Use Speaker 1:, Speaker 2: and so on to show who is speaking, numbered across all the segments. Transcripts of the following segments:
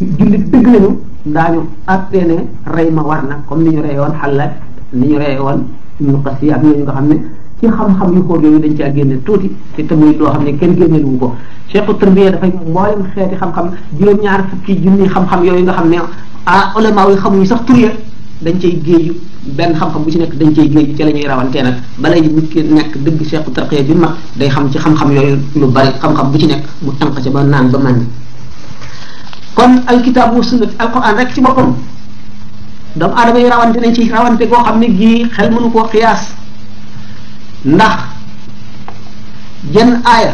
Speaker 1: jullit dëgg lañu daañu àttee ne rey ma war na comme ni ñu reye woon xalaat ni ñu reye woon ñu xas yi ak nga xam ne ci xam-xam yu xóot yooyu dañ caa génne tuuti te tamuy loo xam ne kenn génneel wu ko cheikhu tarbiya dafay mboolem xeeti xam-xam juróom-ñaar fukki junni xam-xam yooyu nga xam ne ah ulama yi xamuñu sax tur dañ cay géeju benn xam-xam bu ci nekk dañ cay géeju ci la ñuy rawantee nag balay nit ki nekk dëgg cheikhu tarbiya bi mag day xam ci xam-xam yooyu lu bari xam bu ci nekk mu tànq ca ba naan ba màndi kon alkitaab wa sunna alquran rek ci boppam doomu aadama yi rawante nañ ci rawante goo xam ne gii xel mënu koo xiyaas ndax jenn aaya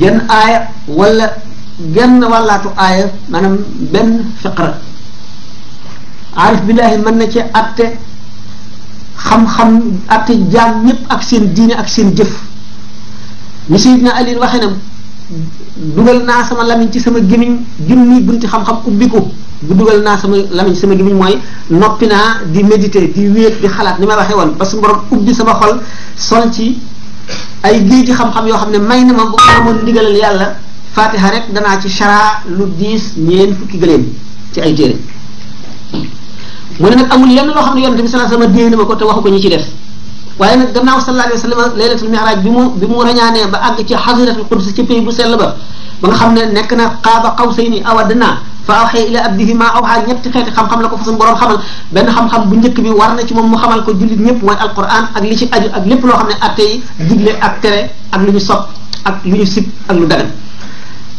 Speaker 1: jenn aaya wala genn wàllaatu aaya maanaam benn fiqra aarif billaahi mën na ci atte xam-xam atte jaam ñëpp ak seen diine ak seen jëf ni Sayyidina Ali waxee dugal naa sama lamiñ ci sama gémiñ junni bunti xam-xam ubbiku bu dugal naa sama lamiñ sama gémiñ mooy noppi naa di méditer di wéet di xalaat ni ma waxee woon ba suñu borom ubbi sama xol sol ci ay géej ci xam-xam yoo xam ne may na ma bu amoon ndigalal yàlla fatiha rek danaa ci chara lu diis ñeen fukki bi ci ay téere mu ne nag amul lenn loo xam ne yonent bi sallallahu alayhi wasallam déey na ma ko te waxu ko ñi ci def waaye nag gannaaw sallallahu alayhi wa sallam laylatul mi'raj bi mu bi mu rañaanee ba àgg ci xadiratul qudus ci pays bu sell ba ba nga xam ne nekk na qaaba qawsayni aw adnaa fa awxee ila abdihi ma awxaa ñetti xeeti xam-xam la ko fa suñu borom xamal benn xam-xam bu njëkk bi war na ci moom mu xamal ko jullit ñëpp mooy alquran ak li ci aju ak lépp loo xam ne atte yi digle ak tere ak lu ñu sopp ak lu ak lu dagan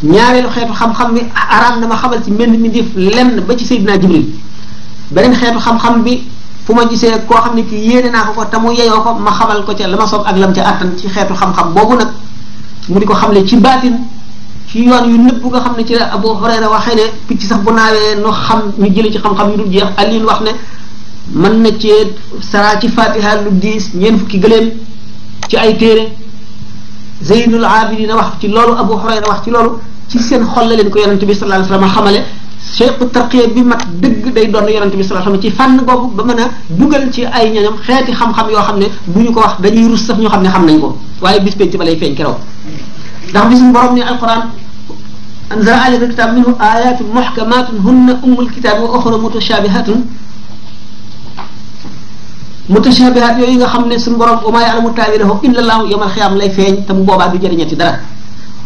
Speaker 1: ñaareelu xeetu xam-xam bi araam na ma xamal ci mel ni mi def lenn ba ci sayyidina jibril beneen xeetu xam-xam bi fu ma gisee koo xam ne kii yéene naa ko ko te yeyoo ko ma xamal ko ca la ma soog ak lam ca attan ci xeetu xam-xam boobu nag mu di ko xamle ci baatin ci yoon yu nëbb nga xam ne ci la Abu Hurayra waxee ne picc sax bu naawee nu xam ñu jële ci xam-xam yu dul jeex Alioune wax ne mën na ci saraa ci fatiha lu diis ñeen fukki gëléem ci ay téere Zeynul Abidin wax ci loolu Abu Hurayra wax ci loolu ci seen xol la leen ko yenn bi sallallahu alayhi wasallam xamale seeku tarqiya bi mag dëgg day doon yonent bi sallallahu alayhi wasallam ci ay ñañam xeeti xam-xam yoo xam ne bu ñu ko wax dañuy rus sax ñu xam ne xam nañ ko waaye bis penc ba lay feeñ keroog ndax bisum borom ni alquran anzala alayka kitab minhu ayatun muhkamatun hunna ummul kitab wa ukhra mutashabihatun mutashabihat yooyu nga xam ne suñu borom wa ma ya'lamu ta'wilahu illa allah yawmal qiyam lay feeñ te bu boobaa du jëriñati dara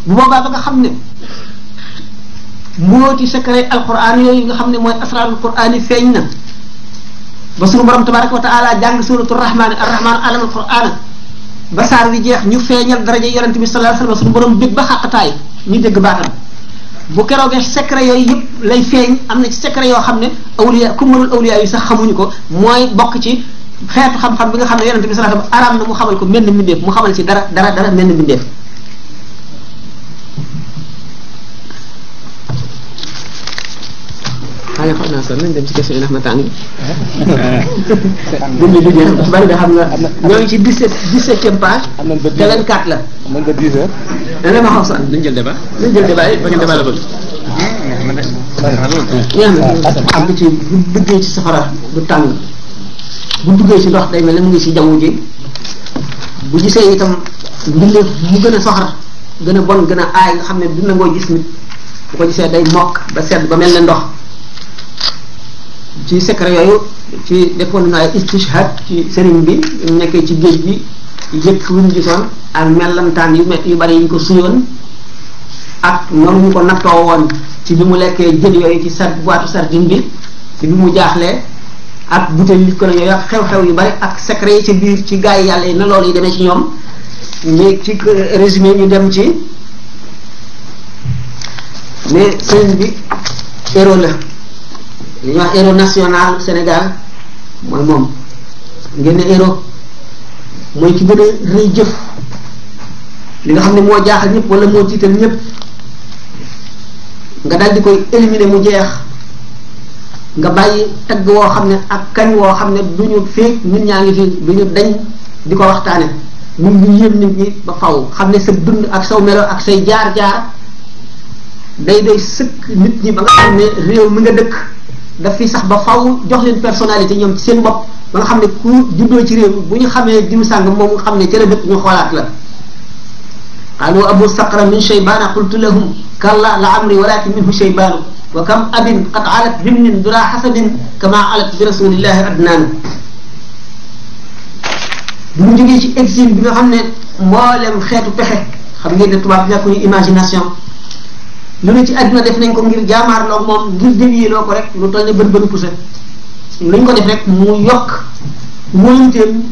Speaker 1: bu boobaa ba nga xam ne ti mbooti secret alquran yi nga xam ne mooy asraarul quraan yi feeñ na ba suñu borom tabaraka wa taala jàng suratu rahmaani arrahmaan alamul quraan ba saar wi jeex ñu feeñal daraja yonente bi sallallahu alayhi wasallam suñu borom bég ba xàqataay ñu dégg baaxam bu keroogee secret yooyu yëpp lay feeñ am na ci secret yoo xam ne awliya ku mënul awliya yi sax xamuñu ko mooy bokk ci xeetu xam-xam bi nga xam ne yonente bi sallallahu alayhi wasallam araam na mu ko menn mbindeef mu xamal ci dara dara dara menn mbindeef
Speaker 2: waaye xam naa ci
Speaker 1: question yi ndax na tàng dund bi jeex na nga xam nga ñoo ngi ci dix sept dix septième page te vingt quatre la mën nga dix heures dana ma xaw sax nañ jël débat nañ jël débat yi la na ci bu duggee ci safara du tàng bu duggee ci ndox day mel ne mu ngi ci jaww ji bu gisee itam mu gën a soxar gën a bon gën a aay nga xam ne du nangoo gis nit bu ko gisee day mokk ba sedd ba mel ne ndox ci secret yooyu ci defoon na ay istishhad ci sëriñ bi nekkee ci géej gi yëpp yu ñu gisoon ak mellantaan yu yu bari ñu ko suyoon ak noonu ñu ko nattoo woon ci bi mu lekkee jën yooyu ci sar boitu sardine bi ci bi mu jaaxlee ak butéel li ko la yooyu ak xew-xew yu bari ak secret yi ci biir ci gaa yi yàlla yi na yi deme ci ñoom ñu ci résumé ñu dem ci mais sëriñ bi héros la li ñuy wax héros national Sénégal mooy moom ngeen ne héros mooy ci gën a rëy jëf li nga xam ne moo jaaxal ñépp wala moo tiital ñëpp nga dal di koy éliminer mu jeex nga bàyyi tagg woo xam ne ak kañ woo xam ne du ñu féeg ñun ñaa ngi fi du ñu dañ di ko waxtaane ñun ñu yëm nit ñi ba faw xam ne sa dund ak saw melo ak say jaar-jaar day day sëkk nit ñi ba nga xam ne réew mi nga dëkk daf fi sax ba faw jox leen personnalité ñoom ci seen bopp ba nga xam ne ku juddoo ci réew bu ñu xamee dimu sàng moom nga xam ne ca la dëkk ñu xoolaat la qaalu abu saqra min shaybaana qultu lahum kalla la amri walakin minhu shaybaanu wa kam abin qad alat bimnin dura xasadin kama alat bi rasulillahi adnaanu bu mu jógee ci exil bi nga xam ne mboolem xeetu pexe xam ngeen ne tubaab bi ñàkkuñu imagination lu ne ci àdduna def nañ ko ngir jaamaarloo moom ngir dévier loo ko rek lu toll ne bën bënu pousa luñ ko def rek mu yokk wóyunteem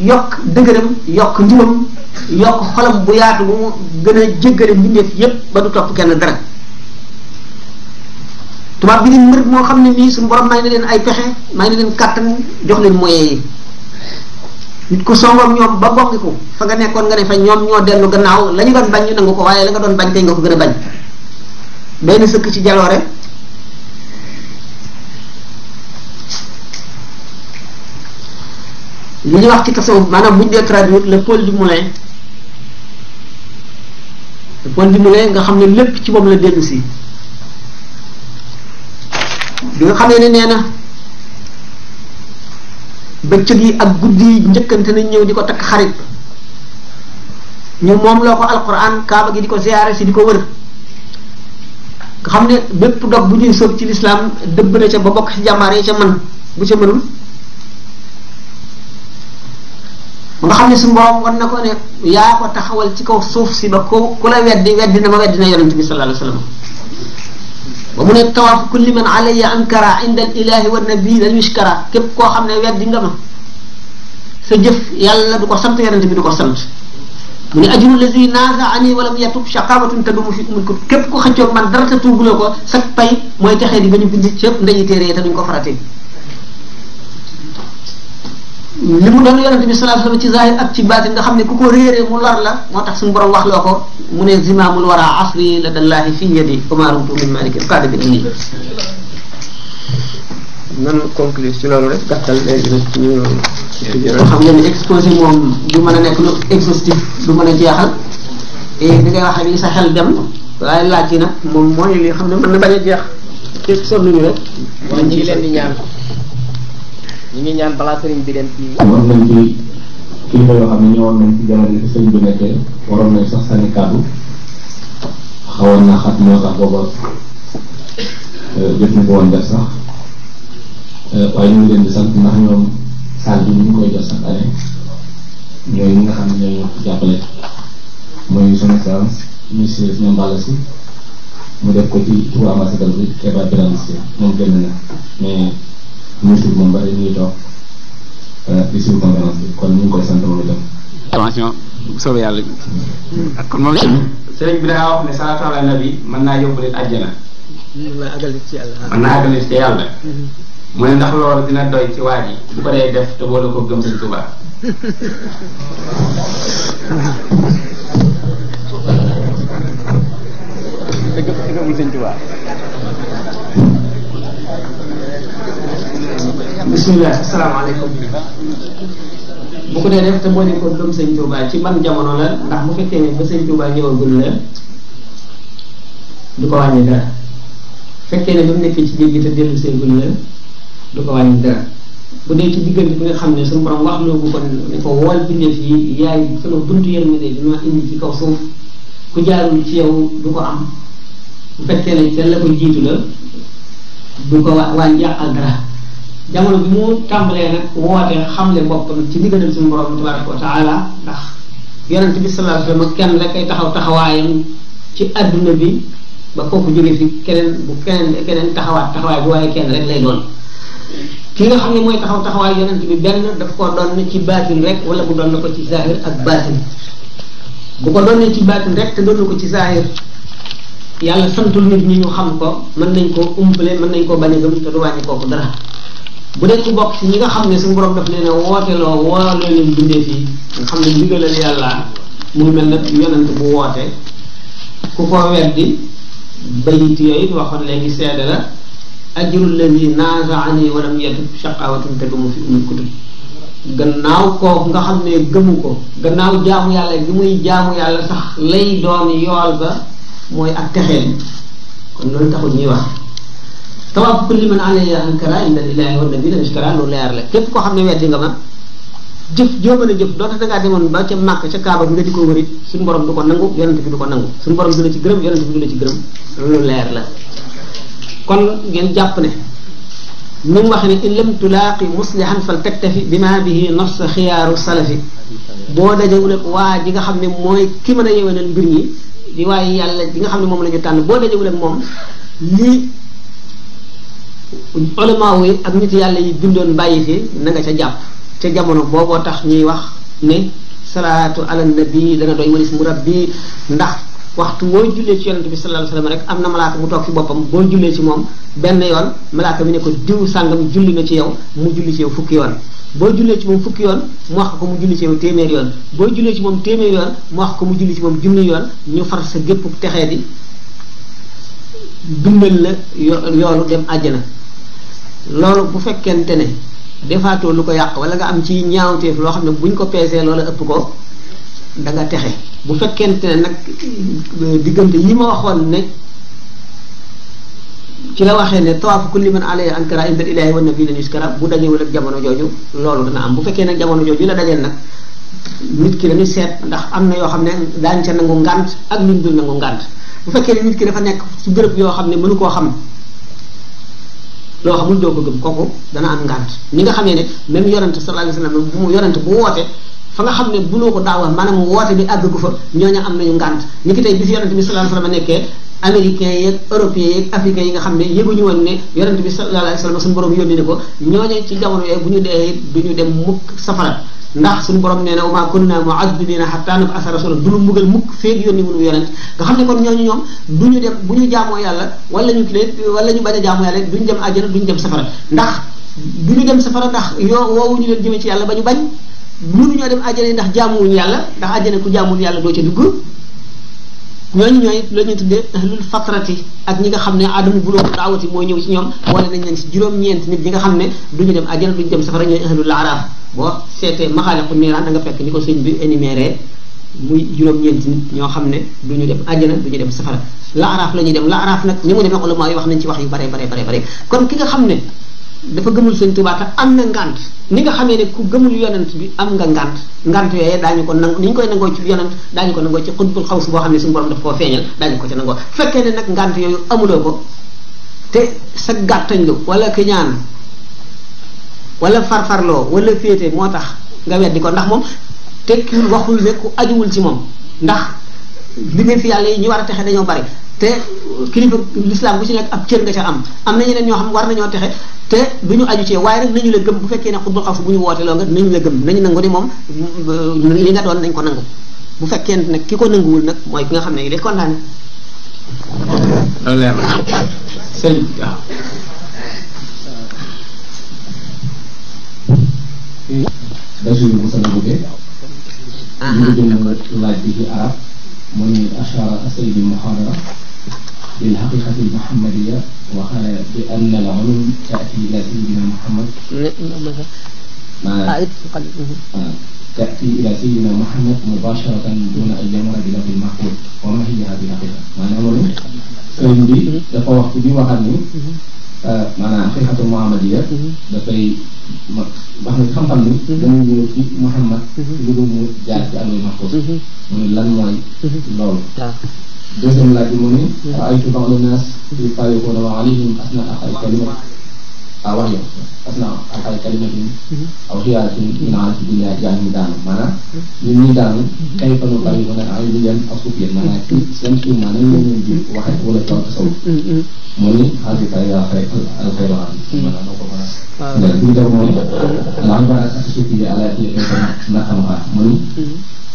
Speaker 1: yokk dëgëram yokk yokk xolam bu yaatu bu mu gën a jéggale mbindeef ba du topp kenn dara tubaab bi di mbir moo xam ne nii suñu borom na leen ay pexe may na leen kàttan jox leen moyens yi nit ku songoom ñoom ba bongiku fa nga nekkoon nga ne fa ñoom ñoo dellu gannaaw la bañ ñu nangu ko waaye la nga doon bañ tey nga ko gën a bañ doy na sëkk ci jaloore li ñuy wax ci tasawuf maanaam buñ dee traduire le Paul du Moulin le Paul du Moulin nga xam ne lépp ci moom la dellu si bi nga xamee ne nee na bëccëg yi ak guddi yi njëkkante nañ ñëw di ko takk xarit ñu moom loo ko alquran kaaba gi di ko ziyaare si di ko wër nga xam ne bépp dox bu ñuy sëf ci lislaam dëbb na ca ba bokk ci jàmbaar yi ca man bu ca mënul nga xam ne su mborom war na ko ne yaa ko taxawal ci kaw suuf si ba ko ku la weddi weddi na ma weddi na yonent bi sallallahu alayhi wa sallam ba mu ne tawaaf kulli man alayya ankara inda al ilahi wa nabi la yushkara képp koo xam ne weddi nga ma sa jëf yàlla du ko sant yonent bi du ko sant mu ne ajrul lazi naasa ani walam yatub shaqaawatun tadumu fi umul kutub képp ku xëccoog man dara te tuubuloo ko sax pay mooy texee di ba ñu bind ci yëpp ndañu téere te duñ ko faratee li mu doon yonente bi sallallahu alayhi wasallam ci zahir ak ci baatin nga xam ne ku ko réeree mu lor la moo tax suñu borom wax loo ko mu ne zimaamul wara asri la dallahi fi yadi umarumtu min maliki qaada bi nii
Speaker 2: nan conclure ci loolu rek gàttal léegi nag ñu jërëjëf xam ngeen ni exposé
Speaker 1: moom du mën a nekk lu exhaustif du mën a jeexal et ni ngay waxee nii laaj yi na bañ a jeex te sonn ñu rek. mooy ñu ñaan
Speaker 3: ñu ngi yi sëriñ sax sànni kàddu xawoon na xat moo euh, na ko woon def sax euh, waaye ñu ngi ndax ñoom. salle bi ñu ngi koy jox chaque année ñooy nga xam ne ñooy jàppale mooy son excellence monsieur Ousmane Balla Sy mu def ko ci turu ambassadeur bi euh, bi kon ñu ngi koy sant moom itam.
Speaker 2: attention solo yàlla kon moom sëriñ bi da ngaa ne salaatu ala nabi naa yóbbu leen àjjana. mën naa àggali ci yàlla. mën naa àggali ci yàlla. Mm-hmm. mu ne ndax loolu dina doy ci waa ji bu ko dee def te boole ko gëm sëñ Tuubaa dee def te ko gëm
Speaker 1: sëñ Tuubaa ci ban jamono la ndax bu fekkee ne ba sëñ Tuubaa ñëwagul la du ko wàññi dara fekkee ne ba mu nekk ci géej gi te dellu seegul la du ko wàññi dara dee ci diggante bi nga xam ne suñu borom wax na ko kon ne ko wool bindee fii yaay sama buntu yërmande bi ma indi ci kaw suuf ku jaarul ci yow du ko am bu fekkee la ko jiitu la ko wa wàññi yàqal dara jamono ci diggante ndax yonent bi sallallahu kenn taxaw taxawaayam ci àdduna bi ba kooku jóge fi keneen bu keneen keneen taxawaat taxawaay bu waaye kenn rek lay doon ki nga xam ne mooy taxaw taxawaayu yonent bi benn daf koo doon ci baatin rek wala bu doon na ko ci zahir ak baatin bu ko doon ci baatin rek te doon ko ci zahir yàlla santul nit ñi ñu xam ko mën nañ koo umpale mën nañ koo bañ a gëm te du wàññi kooku dara bu dee ku bokk ci ñi nga xam ne su borom daf leen a wooteloo wooloo leen bindee fii nga xam ne ndigalal yàlla mu mel ne yonent bu woote ku ko weddi bayit yooyu waxoon léegi seede la ajru alladi naazaani walam yatub shaqawatin te gëmu fi umul kutub gannaaw kook nga xam ne gëmu ko gannaaw jaamu yàlla bi muy jaamu yàlla sax lay doon yool ba mooy ak texeel loolu taxul ñuy wax tawaab kulli man wa nabiyyi ishtara lu leer la képp koo xam ne weeti nga man jëf joo mën a jëf doonte dangaa demoon ba ca màkk ca kaaba bi nga di ko wëri suñu borom du ko nangu yonent bi du ko nangu suñu borom du la ci gërëm yonent bi du la ci gërëm lu leer la kon ngeen jàpp ne ni mu wax ne in lam tulaaqi muslihan fal taktafi bima bihi nas xiyaaru salafi boo dajewul ak waa ji nga xam ne mooy ki mën a yewenal mbir ñi di waaye yàlla ji nga xam ne moom la ñu boo dajewul ak moom ak nit yàlla yi bindoon bàyyi fi na nga ca jàpp ca jamono booboo tax ñuy wax ne salaatu ala nabi dana doy walis murabbi ndax waxtu woo jullee ci yonente bi sallallahu alayhi wasallam rek am na malaaka bu toog fi boppam boo jullee ci moom benn yoon malaaka bi ne ko diw sàngam julli na ci yow mu julli ci yow fukki yoon boo jullee ci moom fukki yoon mu wax ko mu julli ci yow téeméer yoon boo jullee ci moom téeméer yoon mu wax ko mu julli ci moom junni yoon ñu far sa gépp texee di dundal la yoolu dem àjjana loolu bu fekkente ne defaatoo lu ko yàq wala nga am ci ñaawteef loo xam ne buñ ko loola ëpp ko da nga texe bu fekkente ne nag euh, diggante yi ma waxoon ne ci la waxee ne tawaafu kulli man alayhi ankara inda ilaahi wa nabiyina yuskara bu dajewul ak jamono jooju loolu dana am bu fekkee nag jamono jooju la dajeel nag nit ki dañuy seet ndax am na yoo xam ne daañu ca nangu ngànt ak luñ dul nangu ngànt bu fekkee ne nit ki dafa nekk ci bërëb yoo xam ne mënu koo xam loo xamul doo ko gëm kooku dana am ngànt ni nga xamee ne même yonante sallallahu alayhi wasallam bu mu yonante bu woote fa nga xam ne buloo ko daawal maanaam woote bi àgg gu fa ñooñu am nañu ngànt ni ki tey bi fi yonente bi sallallahu alayhi wasallam nekkee américains yeeg européens yeeg africains yi nga xam ne yëguñu woon ne yonente bi sallallahu alayhi wasallam suñu borom yónni ne ko ñooñu ci jamono yooyu bu ñu dee it du ñu dem mukk safara ndax suñu borom nee na wa ma kunna mu'azzibina hatta nab'atha rasula du lu mbugal mukk feeg yónni mënu yonent nga xam ne kon ñooñu ñoom du ñu dem bu ñu jaamoo yàlla wala ñu kilee wala ñu bañ a jaamoo yàlla du ñu dem àjjana du ñu dem safara ndax du ñu dem safara ndax yoo woowu ñu leen jëmee ci yàlla ba ñu bañ mënuñoo dem àjjana ndax jaamuwuñu yàlla ndax àjjana ku jaamul yàlla doo ca dugg ñooñu ñooy la ñuy tuddee ahlul fatrati ak ñi nga xam ne adamu buloobu daawati mooy ñëw ci ñoom wala nañ leen ci juróom-ñeent nit ñi nga xam ne duñu dem àjjana duñu dem safara ñooy ahlul araaf boo seetee maxaaliqu niiraan da nga fekk ni ko sëñ bi énuméré muy juróom-ñeenti nit ñoo xam ne du ñu dem àjjana du ñu dem safara laaraaf la ñuy dem laaraaf nag ni mu demee ulama yi wax nañ ci wax yu bare bare bare bare kon ki nga xam ne dafa gëmul sëñ Tuubaa am na ngànt ni nga xamee ne ku gëmul yonent bi am nga ngànt ngànt yooyee daañu ko nangu ni ñu koy nangoo ci yonent daañu ko nangoo ci xutbul xaw si boo xam ne suñu borom daf koo feeñal daañu ko ci nangoo fekkee ne nag ngànt yooyu amuloo ko te sa gàttañ lu wala ki ñaan wala farfarloo wala féete moo tax nga weddi ko ndax moom tekkiwul waxul ne ku ajuwul ci moom ndax li ngeen fi yàlla yi ñu war a texe dañoo bari te kilifa l'islam bu ci nekk ab cër nga ca am am na ñeneen ñoo xam war nañoo texe te bu ñu aju ci waaye rek nañu la gëm bu fekkee ne xutbul xaw bu ñu woote loo nga nañu la gëm nañu nangu ni moom euh, li nga doon nañ ko nangu bu fekkee ne ki ko nanguwul nag mooy ki nga xam ne yi day condamné
Speaker 2: loolu leer na sëñ waaw
Speaker 3: Basiru Musa la للحقيقة المحمدية وقال بأن العلوم تأتي إلى سيدنا محمد ماذا؟ تأتي إلى سيدنا محمد مباشرة دون أن يمر بلفظ المحفوظ وما هي هذه الحقيقة؟ maanaam loolu sëriñ bi dafa wax ci bi waxaat ni maanaam xaqiiqatul muhammadiya dafay ma wax na xam-xam ni dañuy ñëw ci Muhammad lu dul mu jaar ci alwul mahfuz mu ne lan mooy loolu deuxième laaj bi mu ni raaytu ba'da naas yufaariquuna wa alayhim asna axal kalima ah wax yow asna axal kalimatin aw xiyaatin min arafi dunya jaan ñu daanu maanaam ñun ñi daanu kay fa nu bari mën a ay ñu leen ak suuf yéen maanaam ci seen suuf naa nañ leen leen di waxe wala tontu saw mu ni xaalika yaa xay alxayru an maanaam noo ko mën a mais bu ñu def mooy alxambaar ak suuf yi ala ci xeetu naqam mu ni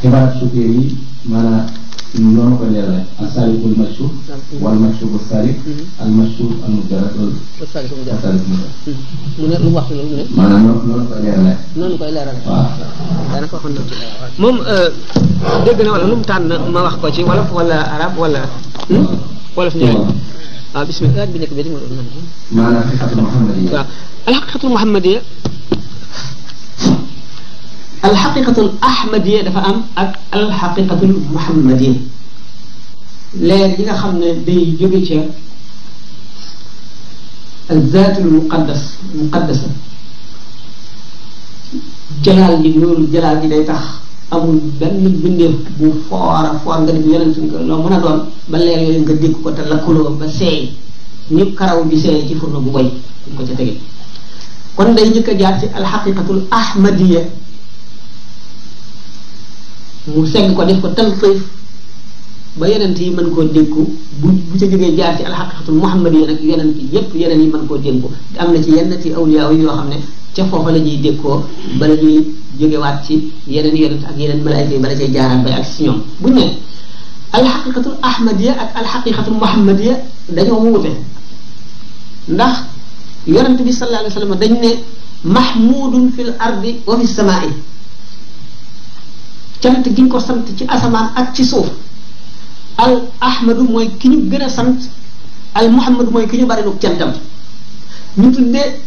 Speaker 3: xibaar suuf yi maanaam suñu yoon ko leerale al saarikul mashhur wal mashhur bu saarik hmm. al mashhur al mujarrad wal saarik mu ne lu
Speaker 1: mu wax loolu mu ne maanaam noonu koy leerale
Speaker 3: noonu koy leerale waaw
Speaker 1: daanaka waxoon na moom euh, dégg na wala lu mu tànn ma wax ko ci wolof wala arab wala hmm? wolof ñëw waaw ah, bismillah bi nekk bi di ma
Speaker 3: maanaam xaqiqatul muhammadiya waaw
Speaker 1: al xaqiqatul muhammadiya alxaqiqatul ahmadiya dafa am ak alxaqiqatul muhammadiya leer yi nga xam ne day jóge ca azaatul muqaddas muqaddasa jalaal ji loolu jalaal ji day tax amul benn bindeef bu foor a foor nga def yonent nga loo mën a doon ba leer yooyu nga dégg ko te lakkuloo ba seey ñëpp karaw bi seey ci furno bu boy duñ ko ca tege kon day njëkk a jaar ci alxaqiqatul ahmadiya mu segg ko def ko talxiif ba yonent yi mën koo dénku bu bu ca jógee jaar ci alxaqiqatul muhammadiyya nag yonent yépp yeneen yi mën koo dénku te am na ci yenn ci awliya yoo xam ne ca foofa la ñuy dékkoo bala ñuy jógewaat ci yeneen yonent ak yeneen malaayika yi bala cay jaaraat bay ak si ñoom bu ñu ne alxaqiqatul ahmadiya ak alxaqiqatul muhammadiya dañoo wuute ndax yonent bi sallallahu alayhi wa sallam dañ ne mahmudun fil ardi wa fi samaai cant gi ñu ko sant ci asamaan ak ci suuf al ahmadu mooy ki ñu gën a sant al muhammadu mooy ki ñu bari lu cantam ñu tuddee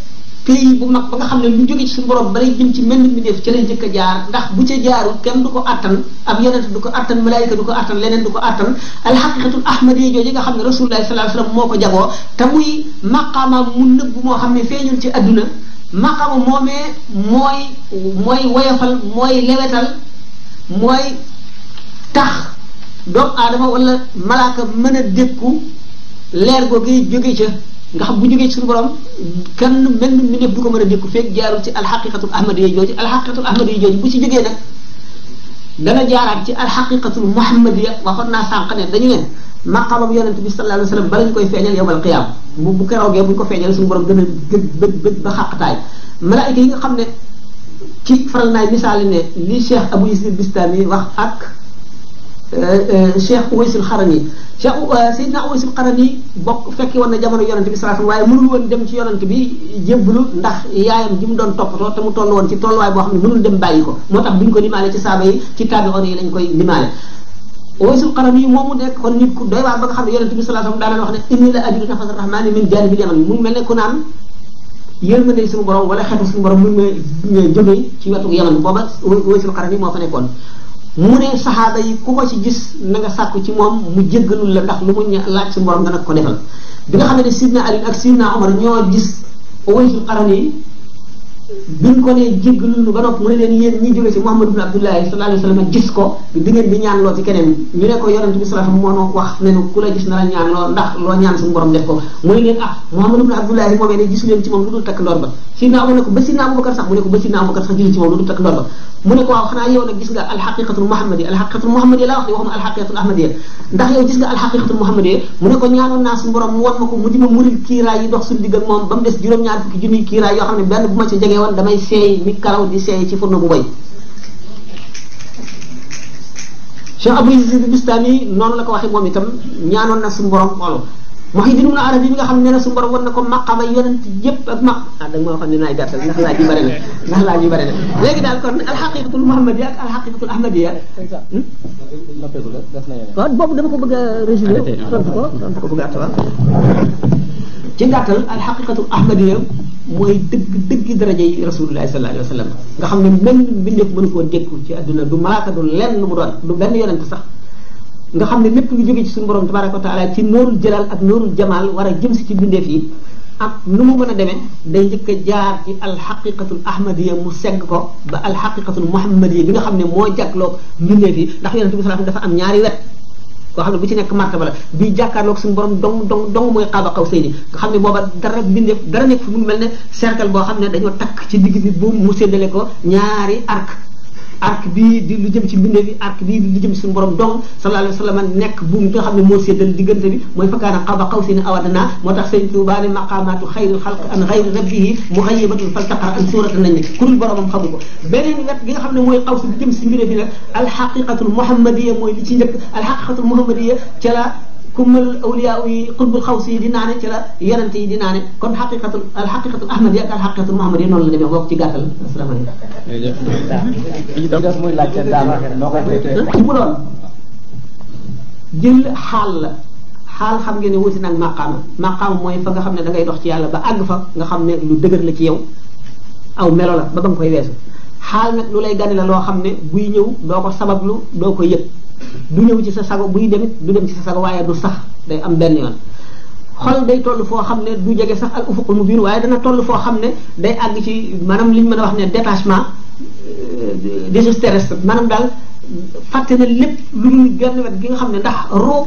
Speaker 1: pays bu mag ba nga xam ne lu jóge ci suñu borom bari jëm ci mel mi def ci lay jëkk jaar ndax bu ca jaarul kenn du ko attan ab yonent du ko attan malaayika du ko attan leneen du ko attan alxaqiqatul ahmadiya jooju nga xam ne rasulullah sallallahu alayhi wasallam moo ko jagoo te muy maqaama mu nëbb moo xam ne feeñul ci adduna maqaama moomee mooy mooy woyofal mooy mooy tax doomu aadama wala malaaka mën a dékku leer googu jóge ca nga xam bu jógee ci suñu borom kenn mel ni nekk du ko mën a dékku fekk jaarul ci alxaqiqatul ahmadiyya jooju alxaqiqatul ahmadiyya jooju bu ci jógee nag dana jaaraat ci alxaqiqatul muhammadiyya waxoon naa sànq ne dañu ne maqamam yonent bi sallallahu alayhi wasallam bala ñu koy feeñal yowmal qiyaam bu bu keroogee bu ñu ko feeñal suñu borom dana gëg bëgg bëgg ba xàqtaay malaayika yi nga xam ne ci faral naay misaali ne li cheikh abou isib bistami wax ak euh, euh, cheikh uwaysul xarani cheikh euh, seydina uwaysul xarani bokk fekki woon na jamono yonante bi sallallahu waaye mënul woon dem ci bi jébbalu ndax yaayam ji mu doon toppatoo te woon ci tolluwaay boo xam ne mënul dem bàyyi ko moo tax bu ñu ko limaale ci saaba yi ci taabi'oon yi lañ koy limaale uwaysul xarani moomu nekk kon nit ku doy waar ba nga xam ne yonante bi sallallahu alayhi wasallam wax ne inni la ajidu nafas rahmani min mel ne naan yërmande suñu borom wala xetu suñu borom mu ngi jóge ci wetu yonent booba waysul xaram yi moo fa nekkoon mu ne saxaaba yi ku ko ci gis na nga sàkku ci moom mu jëggalul la ndax lu mu laaj suñu borom dana ko defal bi nga xam ne Sidna Ali ak Sidna Omar ñoo gis waysul xaram yi biñ ko nee jéggalu nu ba noppi mu ne leen ñi jóge ci Muhammad wa bi ñaan loo ah, ci mu wax mu di ma muril kiiraay yi dox suñu digg moom ba mu des juróom-ñaar fukki junniy kiiraay yoo xam ne benn bu ma ci jege woon damay seey ni karaw di seey ci furna bu bay Cheikh Abdul Aziz Bistami noonu la ko waxee moom itam ñaanoon na suñu borom loolu Muhyiddin Ibn bi nga xam ne ne suñu ko maqama yonent yépp ak maq ah da nga ma waxoon ne naay gàttal ndax laaj yu bëri na ndax laaj yu bëri na léegi daal kon alxaqiqatul muhammadiya ak alxaqiqatul ahmadiya hmm? waaw boobu dama ko bëgg a résumé tontu ko ko bu gàtt waaw ci gàttal alxaqiqatul ahmadiya mooy dëgg dëggi daraja yi rasulullahi sallallahu alayhi wa sallam nga xam ne benn mbindeef mënu koo dékku ci àdduna du malaaka du lenn lu mu doon du benn yonent sax nga xam ne lépp lu jóge ci suñu borom tabaraka wa taala ci noorul jëlaal ak noorul jamaal war a jëm si ci mbindeef yi ak nu mu mën a demee day njëkk jaar ci alxaqiqatul ahmadiya mu segg ko ba alxaqiqatul muhammadiya bi nga xam ne moo jagloog mbindeef yi ndax yonent bi sallallahu alayhi dafa am ñaari wet koo xam ne bu ci nekk martaba la bi jàkkaarloog suñu borom dong dong dong mooy xaaba xaw sëy ni xam ne booba dara bindeef dara nekk fi mu mel ne cercle boo xam ne dañoo takk ci digg bi bu mu séddale ko ñaari arc arc bi di lu jëm ci mbindeef yi arc bi di lu jëm ci suñu borom dong sallallahu alayhi wa sallam nekk buum bi nga xam ne moo séddal diggante bi mooy fakkaana xaba xaw si ne awadana moo tax sëñ Tuubaa ne maqaamaatu xayril xalq an xayri rabbihi muxayibatun faltaqara an suurata nañ ne kurul boromam xamu ko beneen wet gi nga xam ne mooy xaw si di jëm ci mbindeef yi nag alxaqiqatul muhammadiya mooy li ci njëkk alxaqiqatul muhammadiya ca la kummal awliyaa yi xutbul xaws yi di naane ci la yonent yi di naane kon xaqiqatul al xaqiqatul ahmad yi ak al xaqiqatul muhammad yi noonu la demee bokk ci gàttal asalaamaaleykum muy laajte daama mu doon jël xaal la xaal xam ngeen ne wuti nag maqaama maqaama mooy fa nga xam ne da ngay dox ci yàlla ba àgg fa nga xam ne lu dëgër la ci yow aw melo la ba ba nga koy weesu xaal nag lu lay gane la loo xam ne buy ñëw doo ko sabablu doo ko yëg du ñëw ci sa sago buy demit du dem ci sa sago waaye du sax day am benn yoon xol day toll foo xam ne du jege sax al mu biir waaye dana toll foo xam ne day àgg ci maanaam liñ mën a wax ne détachement
Speaker 4: euh, désestérestre
Speaker 1: maanaam daal fàtte na lépp lu ñu benn wet gi nga xam ne ndax roo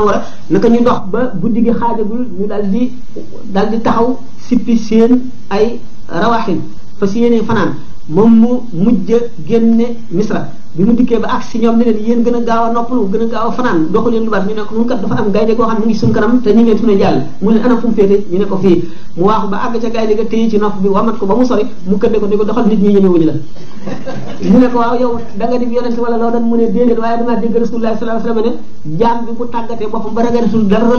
Speaker 1: munawara naka ñu dox ba guddi gi xaajagul ñu dal di dal di taxaw sippi seen ay rawaxin fa si yéene fanaan moom mu mujj génne misra bi mu dikkee ba ak si ñoom ne leen gën a gaaw a noppalu gën a gaaw a fanaan doxu leen lu baax ñu ne ko dafa am gaynde koo xam ne mu kanam te ñu ne ko fii mu waaxu ba àgg ca gaynde ga téye ci nopp bi wamat ko ba mu sori mu këdde ko ko doxal nit ñi ñemewuñu la ñu ne ko waaw yow da nga di yonent wala loo doon mu ne déedéet waaye damaa dégg rasulullah sallallahu alayhi wasallam ne jaam bi bu tàggatee boppam ba ragal dara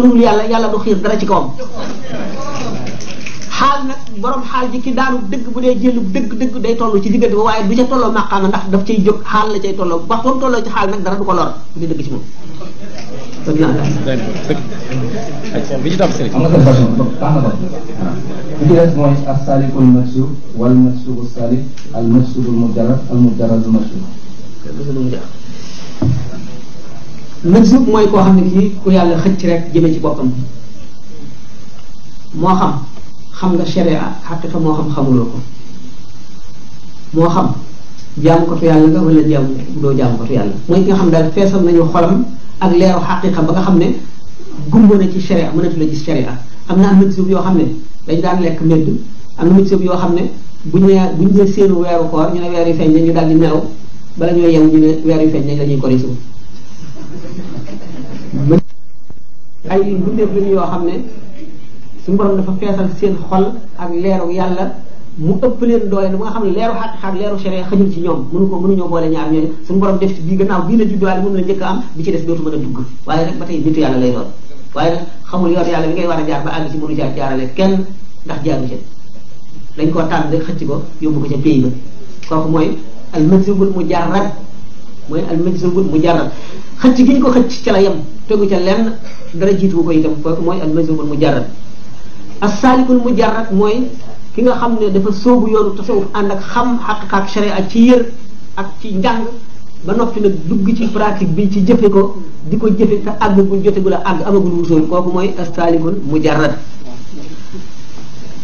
Speaker 1: xaal nag borom xaal ji daanu dëgg bu dee jëlu dëgg dëgg day toll ci diggante ba waaye du ca tolloo maqaama ndax daf cay jóg xaal la cay tolloo wax ba mu tolloo ci xaal nag dara du ko lor di dëgg ci moom.
Speaker 2: dëgg naa daal. dëgg bi ci topp sëriñ. am na solo parce
Speaker 3: que am
Speaker 1: na mooy koo xam ne kii ku yàlla xëcc rek jëme ci boppam moo xam. xam nga sharia xaqiqa moo xam xamuloo ko moo xam jaamukatu yàlla nga wala jaam doo jaamukatu yàlla mooy ki nga xam daal feesal nañu xolam ak leeru xaqiqa ba nga xam ne gumba na ci sharia mënatu la gis sharia am na am médecins yoo xam ne dañ daan lekk medd am na médecins yoo xam ne buñ nee buñ dee seenu weeru koor ñu ne weer yu feeñ dañu daal di nelaw bala ñoo yew ñu ne weer kori suuf ay mbindeef lañu yoo xam ne su borom dafa feesal seen xol ak leeru yàlla mu ëpp leen doole ba nga xam ne leeru xaq xaq leeru sharia xajul ci ñoom mënu koo mënuñoo boole ñaar ñooñu suñu borom def ci bii gannaaw bii la judduwaale moom la njëkk a am bi ci des dootu mën a dugg waaye nag ba tey lay doon waaye nag xamul yoon yàlla bi ngay war a jaar ba àgg ci mënu jaar jaarale kenn ndax jaaru ci dañ koo tànn de xëcc ko yóbbu ko ca pays ba kooku mooy al majzubul mujarrad mooy al majzubul mujarrad xëcc gi ñu ko xëcc ca la yam tegu ca lenn dara jiitu ko itam kooku mooy al majzubul mujarrad as-salikul mujarrad mooy ki nga xam ne dafa soogu yoonu tasawuf ànd ak xam xaqiqaak sharia ak ci yër ak ci njàng ba noppi nag dugg ci pratique bi ci jëfe ko di ko jëfe te àggagul jotagul la àgg amagul wusool kooku mooy as-salikul mujarrad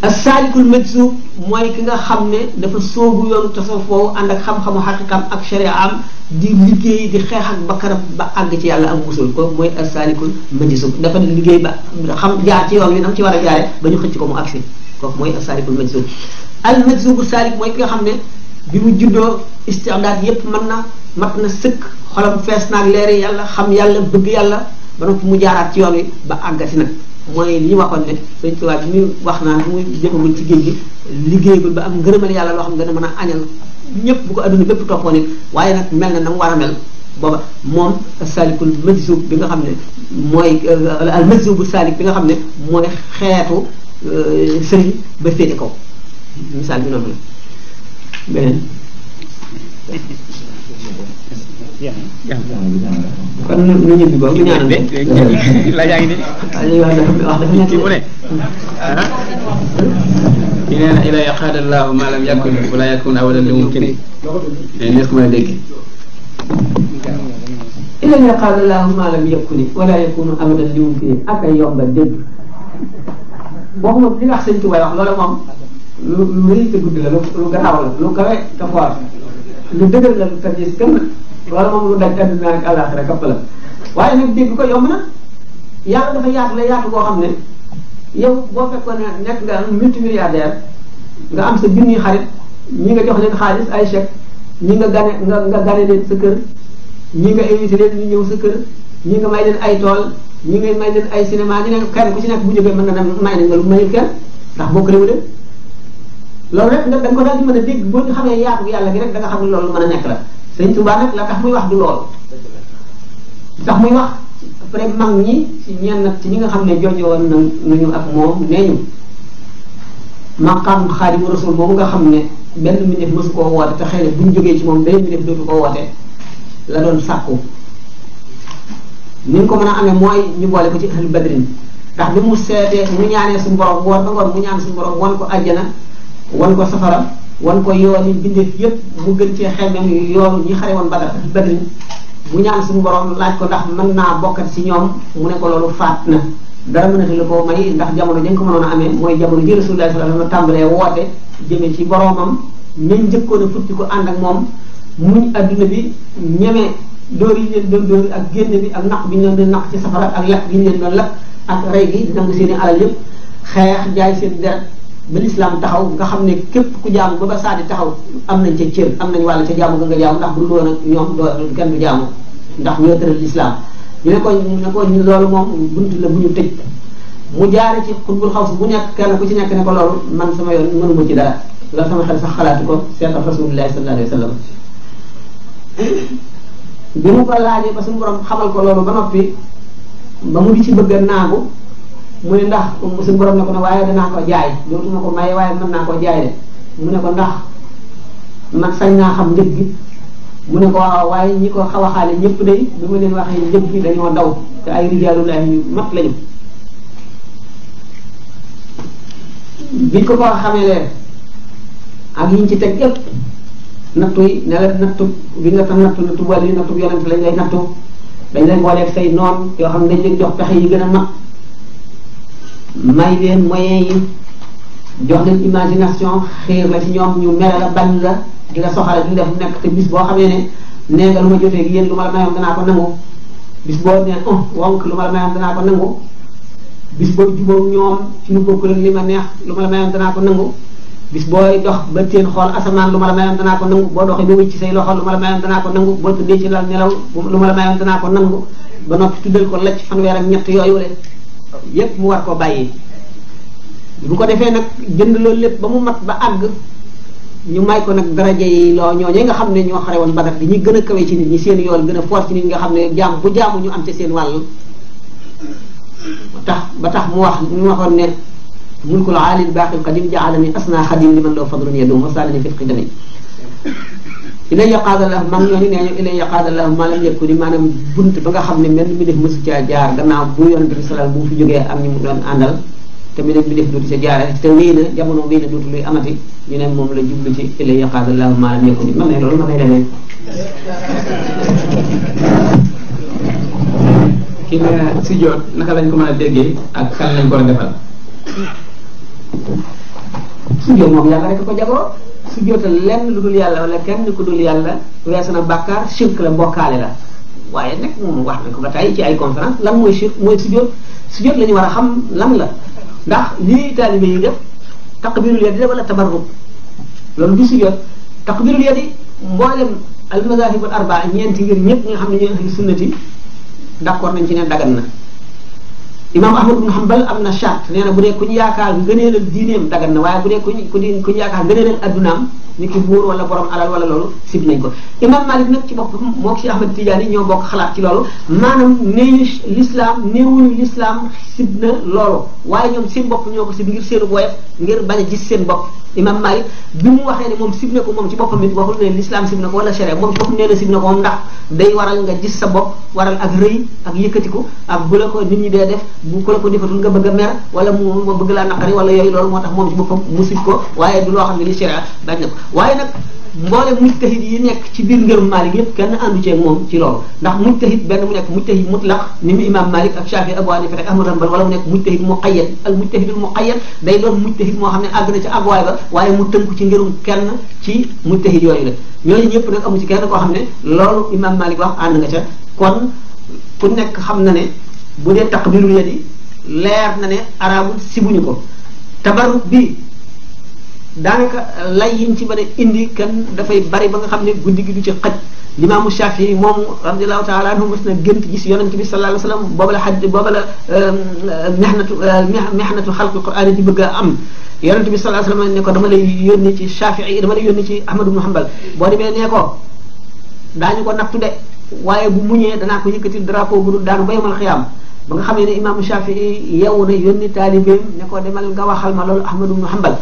Speaker 1: asaalikul majzub mooy ki nga xam ne dafa soobu yoonu tasawuf boobu ànd ak xam-xamu xaqiqam ak shari'am di liggéey di xeex ak bakkanam ba àgg ci yàlla am musul ko mooy asaalikul majzub dafa liggéey ba xam jaar ci yoon wi nam ci war a jaare ba ñu ko mu agsi kooku mooy asaalikul majzub al majzubu saalik mooy ki nga xam ne bi mu juddoo istidaad yépp mën na mat na sëkk xolam fees naag leeri yàlla xam yàlla bëgg yàlla ba noppi mu jaaraat ci yoon yi ba àggati nag mooy li ñu waxoon ne sëñ Tuubaa bi muy wax naan bu muy jëfagul ci géej gi liggéeyagul ba am ngërëmal yàlla loo xam ne dana mën a añal ñëpp bu ko adduna lépp toppoon waaye nag mel na na mu war a mel booba moom salikul majzub bi nga xam ne mooy euh, al majzubu salik bi nga xam ne mooy xeetu euh, sëriñ ba féete kaw misaal bi noonu la
Speaker 2: kon nu ñu bi boobu ñaanal la jaa ngi ni wax dafa bu ne ki nee na ilaa qaada allahu ma lam yakun wala yakun awalan li mumkin ne nees ko mën a dégg
Speaker 1: ilaa qaada allahu ma lam yakun wala yakun awalan li mumkin ak a yomba dégg waxuma li wax sëñ Tuubaa wax loola moom lu lu rëy te gudd la lu lu garaaw la lu kawe te foor lu dëgër la lu te gis kenn loolu moom lu daj àddina ak àllaaxira kapp la waaye nag dégg ko yomb na yàlla dafa yaatu la yaatu boo xam ne yow boo fekkoon ne nekk nga am multimilliardaire nga am sa junni xarit ñi nga jox leen xaalis ay chèque ñi nga gane nga nga gane leen sa kër ñi nga invité leen ñu ñëw sa kër ñi nga may leen ay tool ñi nga may leen ay cinéma ñu ne kenn ku ci nekk bu jógee mën nga dem may nañ nga lu mayul kenn ndax bokk réew de loolu rek nga da nga ko daal di a dégg boo xamee yaatu yàlla gi rek da xam ne loolu mën a nekk la sëñ Tuubaa nag la tax muy wax du lool tax muy wax après mag ñi ci ñenn nag ci ñi nga xam ne jojowoon na ñu ak moom nee ñu maqaam Xaadimu Rasuul boobu nga xam ne benn mbindeef mësu ko woote te xëy na buñ jógee ci moom benn mbindeef dootu koo woote la doon sàkku ni ko mën a amee mooy ñu boole ko ci ahlu badrin ndax bi mu seetee mu ñaanee suñu borom woor ba ngoon mu ñaan suñu borom wan ko àjjana wan ko safara wan ko yoon yi bindeef yépp mu gën cee xel même yoon ñi xare woon badar badrin mu ñaan suñu borom laaj ko ndax mën naa bokkat si ñoom mu ne ko loolu faat na dara mën na la ko may ndax jamono dañ ko mënoon a amee mooy jamono ji Rasulullah sallallahu alayhi wasallam tàmbalee woote jëmee ci boromam ñañ njëkkoon a futti ko ànd ak moom muñ adduna bi ñeme dóor yi leen doon dóor ak génn bi ak naq bi ñu leen doon naq ci safara ak lakk gi ñu leen doon lakk ak rey gi nangu seen i alal yëpp xeex jaay seen deret ba lislaam taxaw nga xam ne képp ku jaamu ba ba saadi taxaw am nañ ca cër am nañ wàll ca jaamu nga nga jaamu ndax bu dul woon ak ñoom doo kenn du jaamu ndax ñoo tëral lislaam ñu ne ko loolu moom bunt la bu ñu tëj mu jaare ci xutbul xaw bu nekk kenn ku ci nekk ne ko loolu man sama yoon mënuma ci dara la sama xel sax xalaatu ko seetal rasulillahi sallallahu alayhi wa sallam bi mu ko laajee ba suñu borom xamal ko loolu ba noppi ba mu di ci bëgg a naagu mu ne ndax suñu borom ne ko ne waaye danaa ko jaay dootuma ko maye waaye mën ko jaay de mu ne ko ndax man sañ naa xam njëg gi mu ne ko waaye ñi ko xaw a xaale ñëpp day bi ma leen waxee njëg gi dañoo daw te ay rijaalulaay yu mat lañu biñ ko ko xamee ak yiñ ci teg yëpp nattu yi ne la nattu bi nga tam nattu nattu wàll yi nattu yonent lañ lay nattu dañ lay booleeg say noon yoo xam ne dañ leen jox pexe yi gën a mag may leen moyen yi jox leen imagination xiir la ci ñoom ñu mere la bañ la di la soxala di def nekk te bis boo xamee ne nee lu ma jotee gi yéen lu ma la mayoon danaa ko nangu bis boo nee oh lu ma la danaa ko nangu bis boo jubóom ñoom ci lu bokkul li ma neex lu ma la mayoon danaa ko nangu bis booy dox ba teen xool asamaan lu ma la mayoon danaa ko nangu boo doxee ba ma danaa ko nangu boo tëddee ci lal nelaw lu ma la mayoon danaa ko nangu ba noppi tuddal ko lacc fanweer ak ñett yooyu le yépp mu war ko bàyyi bu ko defee nag jënd loolu lépp ba mu mat ba àgg ñu may ko nag daraja yi loo ñooñu nga xam ne ñoo xare woon Badar di ñuy gën a kawe ci nit ñi seen yool gën a foor ci nit nga xam ne jaam bu jaamu ñu am ci seen wàll ba tax ba tax mu wax mu waxoon ne mulkul aalil baaxil qadim jaalani asna xadim li man loo fadrun yadum wasalani fi lqidami ilayya qaada lahum mag ñooñu nee ñu ilayya qaada lahum maa lam yakuni maanaam bunt ba nga xam ne mel mi def mësu caa jaar gannaaw bu yoon bi salal bu fi jógee am ñu mu doon àndal te mel mi def te jamono wéy na dootu luy amati ñu ne moom la jublu ci ilayya maa lam ma lay demee
Speaker 2: ki si joot naka lañ ko mën a déggee ak kan lañ ko defal sujjóot moom yàlla rek ko jagoo
Speaker 1: sujjóotal lenn lu dul yàlla wala kenn ku dul yàlla weesu na bàkkaar shirk la mbokkaale la waaye nag moom wax nañ ko ba tey ci ay conférence lan mooy shirk mooy sujjóot sujjóot la ñu war a xam lan la ndax lii taalibe yi def taqbirul yadi la wala tabarruk loolu du sujjóot taqbirul yadi mboolem al mazahibul arba ñeenti ngir ñëpp ñi nga xam ne ñoo xam sunnati d'accord nañ ci neen dagan na imam ahmad ibn hanbal am na charte nee na bu dee ku ñu yaakaar ngëneelal diineem dagan na waaye bu dee ku ñu ku ñu yaakaar ngëneelal addunaam ni wala borom alal wala loolu sib ko imam malik nag ci boppam moo ko si ahmad tidiane bokk xalaat ci loolu maanaam néeñu l'islam néewuñu l'islam sib na loolu waaye ñoom seen bopp ñoo ko sib ngir seenu booyef ngir bañ a gis seen bopp imam malik bi mu waxee ne moom ko moom ci boppam waxul ne l'islam sib na ko wala sharia moom ci nga gis sa bopp waral ak rëy ak yëkkatiku ak bu ko nit ñi dee def bu ko la ko defatul nga bëgg a mer wala mu bëgg laa naqari wala yooyu loolu moo tax moom ci boppam mu sib ko waaye du loo xam ne li sharia bañ na ko waaye nag mboole mujtahid yi nekk ci biir ngërëm Malik yépp kenn àndu ceeg moom ci loolu ndax mujtahid benn mu nekk mujtahid mu imam Malik ak Shafi Abu Hanifa ak Ahmad Hanbal wala mu nekk mujtahid muqayyad al mujtahidul muqayyad day doon mujtahid moo xam ne na ci ba waaye mu tënku ci ngërëm kenn ci mujtahid yooyu la ñooñu ñëpp nag amu ci kenn koo xam ne loolu imam Malik wax ànd nga ca kon ku nekk xam na ne bu dee taqbilul yadi leer na ne araabu sibuñu ko tabarruk bi daanaka lay yiñ ci mën a indi kan dafay bari ba nga xam ne guddi gi du ci xaj limaamu Shafii moom radiallahu taala anhu mos na gént gis yonent bi sallallahu alayhi wasallam booba la xaj booba la euh, mehnatu euh, mehnatu xalqi quraan di bëgg a am yonent bi sallallahu alayhi wasallam ne ko dama lay yónni ci Shafii dama lay yónni ci Ahmad ibn Hanbal boo demee nee ko daañu ko nattu de waaye bu muñee danaa ko yëkkati drapeau bu dul daanu ba yomal xiyaam ba nga xamee ne imaamu Shafii yeewu na yónni taalibeem ne ko demal nga waxal ma loolu Ahmad ibn Hanbal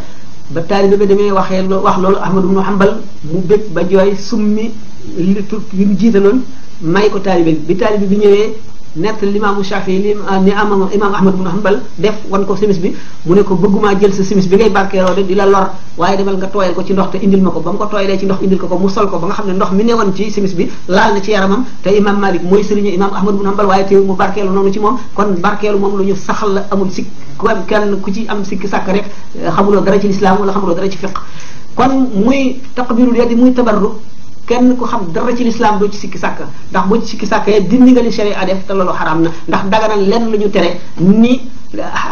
Speaker 1: ba taalibe bi demee waxee loo wax loolu Ahmad ibnu Hanbal mu bëgg ba jooy summi li tu li mu jiitaloon may ko taalibe bi bi bi ñëwee nett limaamu Shaafi li ah, ni am imaam Ahmad ibn Hanbal def wan ko simis bi mu ne ko bëggumaa jël sa simis bi ngay barkeeroo de di la lor waaye demal nga tooyal ko ci ndox te indil ma ko ba mu ko tooyalee ci ndox indil ko ko mu sol ko ba nga xam ne ndox mi ne woon ci simis bi laal na ci yaramam te imaam Malik mooy sëriñu imaam Ahmad ibn Hanbal waaye teewul mu barkeelu noonu ci moom kon barkeelu moom lu ñu saxal amul sikk kenn ku ci am sikki sàkk rek eh, xamuloo dara ci lislaam wala xamuloo dara muy taqbirul yadi kenn ku xam dara ci lislaam doo ci sikki sàkk ndax boo ci sikki sàkk ya dindi nga li sharia def te loolu xaraam na ndax daganal lenn lu ñu tere ni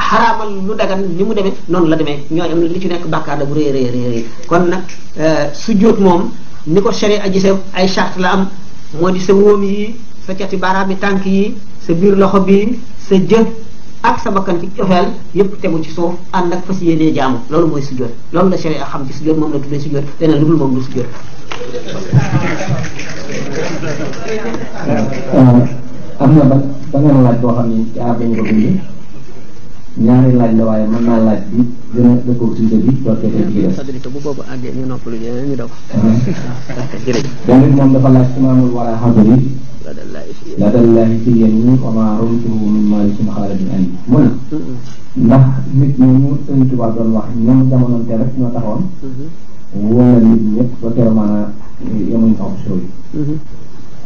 Speaker 1: xaraamal lu dagan ni mu demee noonu la demee ñoo am li ci nekk bàkkaar la bu rëy rëy rëy kon nag euh, sujjóot moom ni ko sharia gisee ay charte la moo di sa wóom yi sa cati baaraam yi tànk yi sa biir loxo bi sa jëf ak sa bakkan ci cofeel yépp tegu ci suuf ànd ak fas yéenee jaamu loolu mooy sujjóot loolu la sharia xam ci sujjóot moom la tuddee sujjóot leneen lu dul moom du sujjóot
Speaker 3: Euh, am na ba ba ngeen laaj boo xam ni ci ñaari laaj la waaye na naa laaj bi gën a dëkkoog suñu bi doog koy def jigéen. stabilité bu boobu àggee ñu noppalu dafa laaj imaamul war a xam ni. la dallahi fi yéen ñi oma romtuhu min malikum xaalidin ani mu ne mm-hmm. ndax nit ñi ñu sëñ Tuubaa doon wax ñoom jamonoonte rek ñoo taxawoon. Mm-hmm. wala nit ñëpp ba teew maanaam yemuñ kaw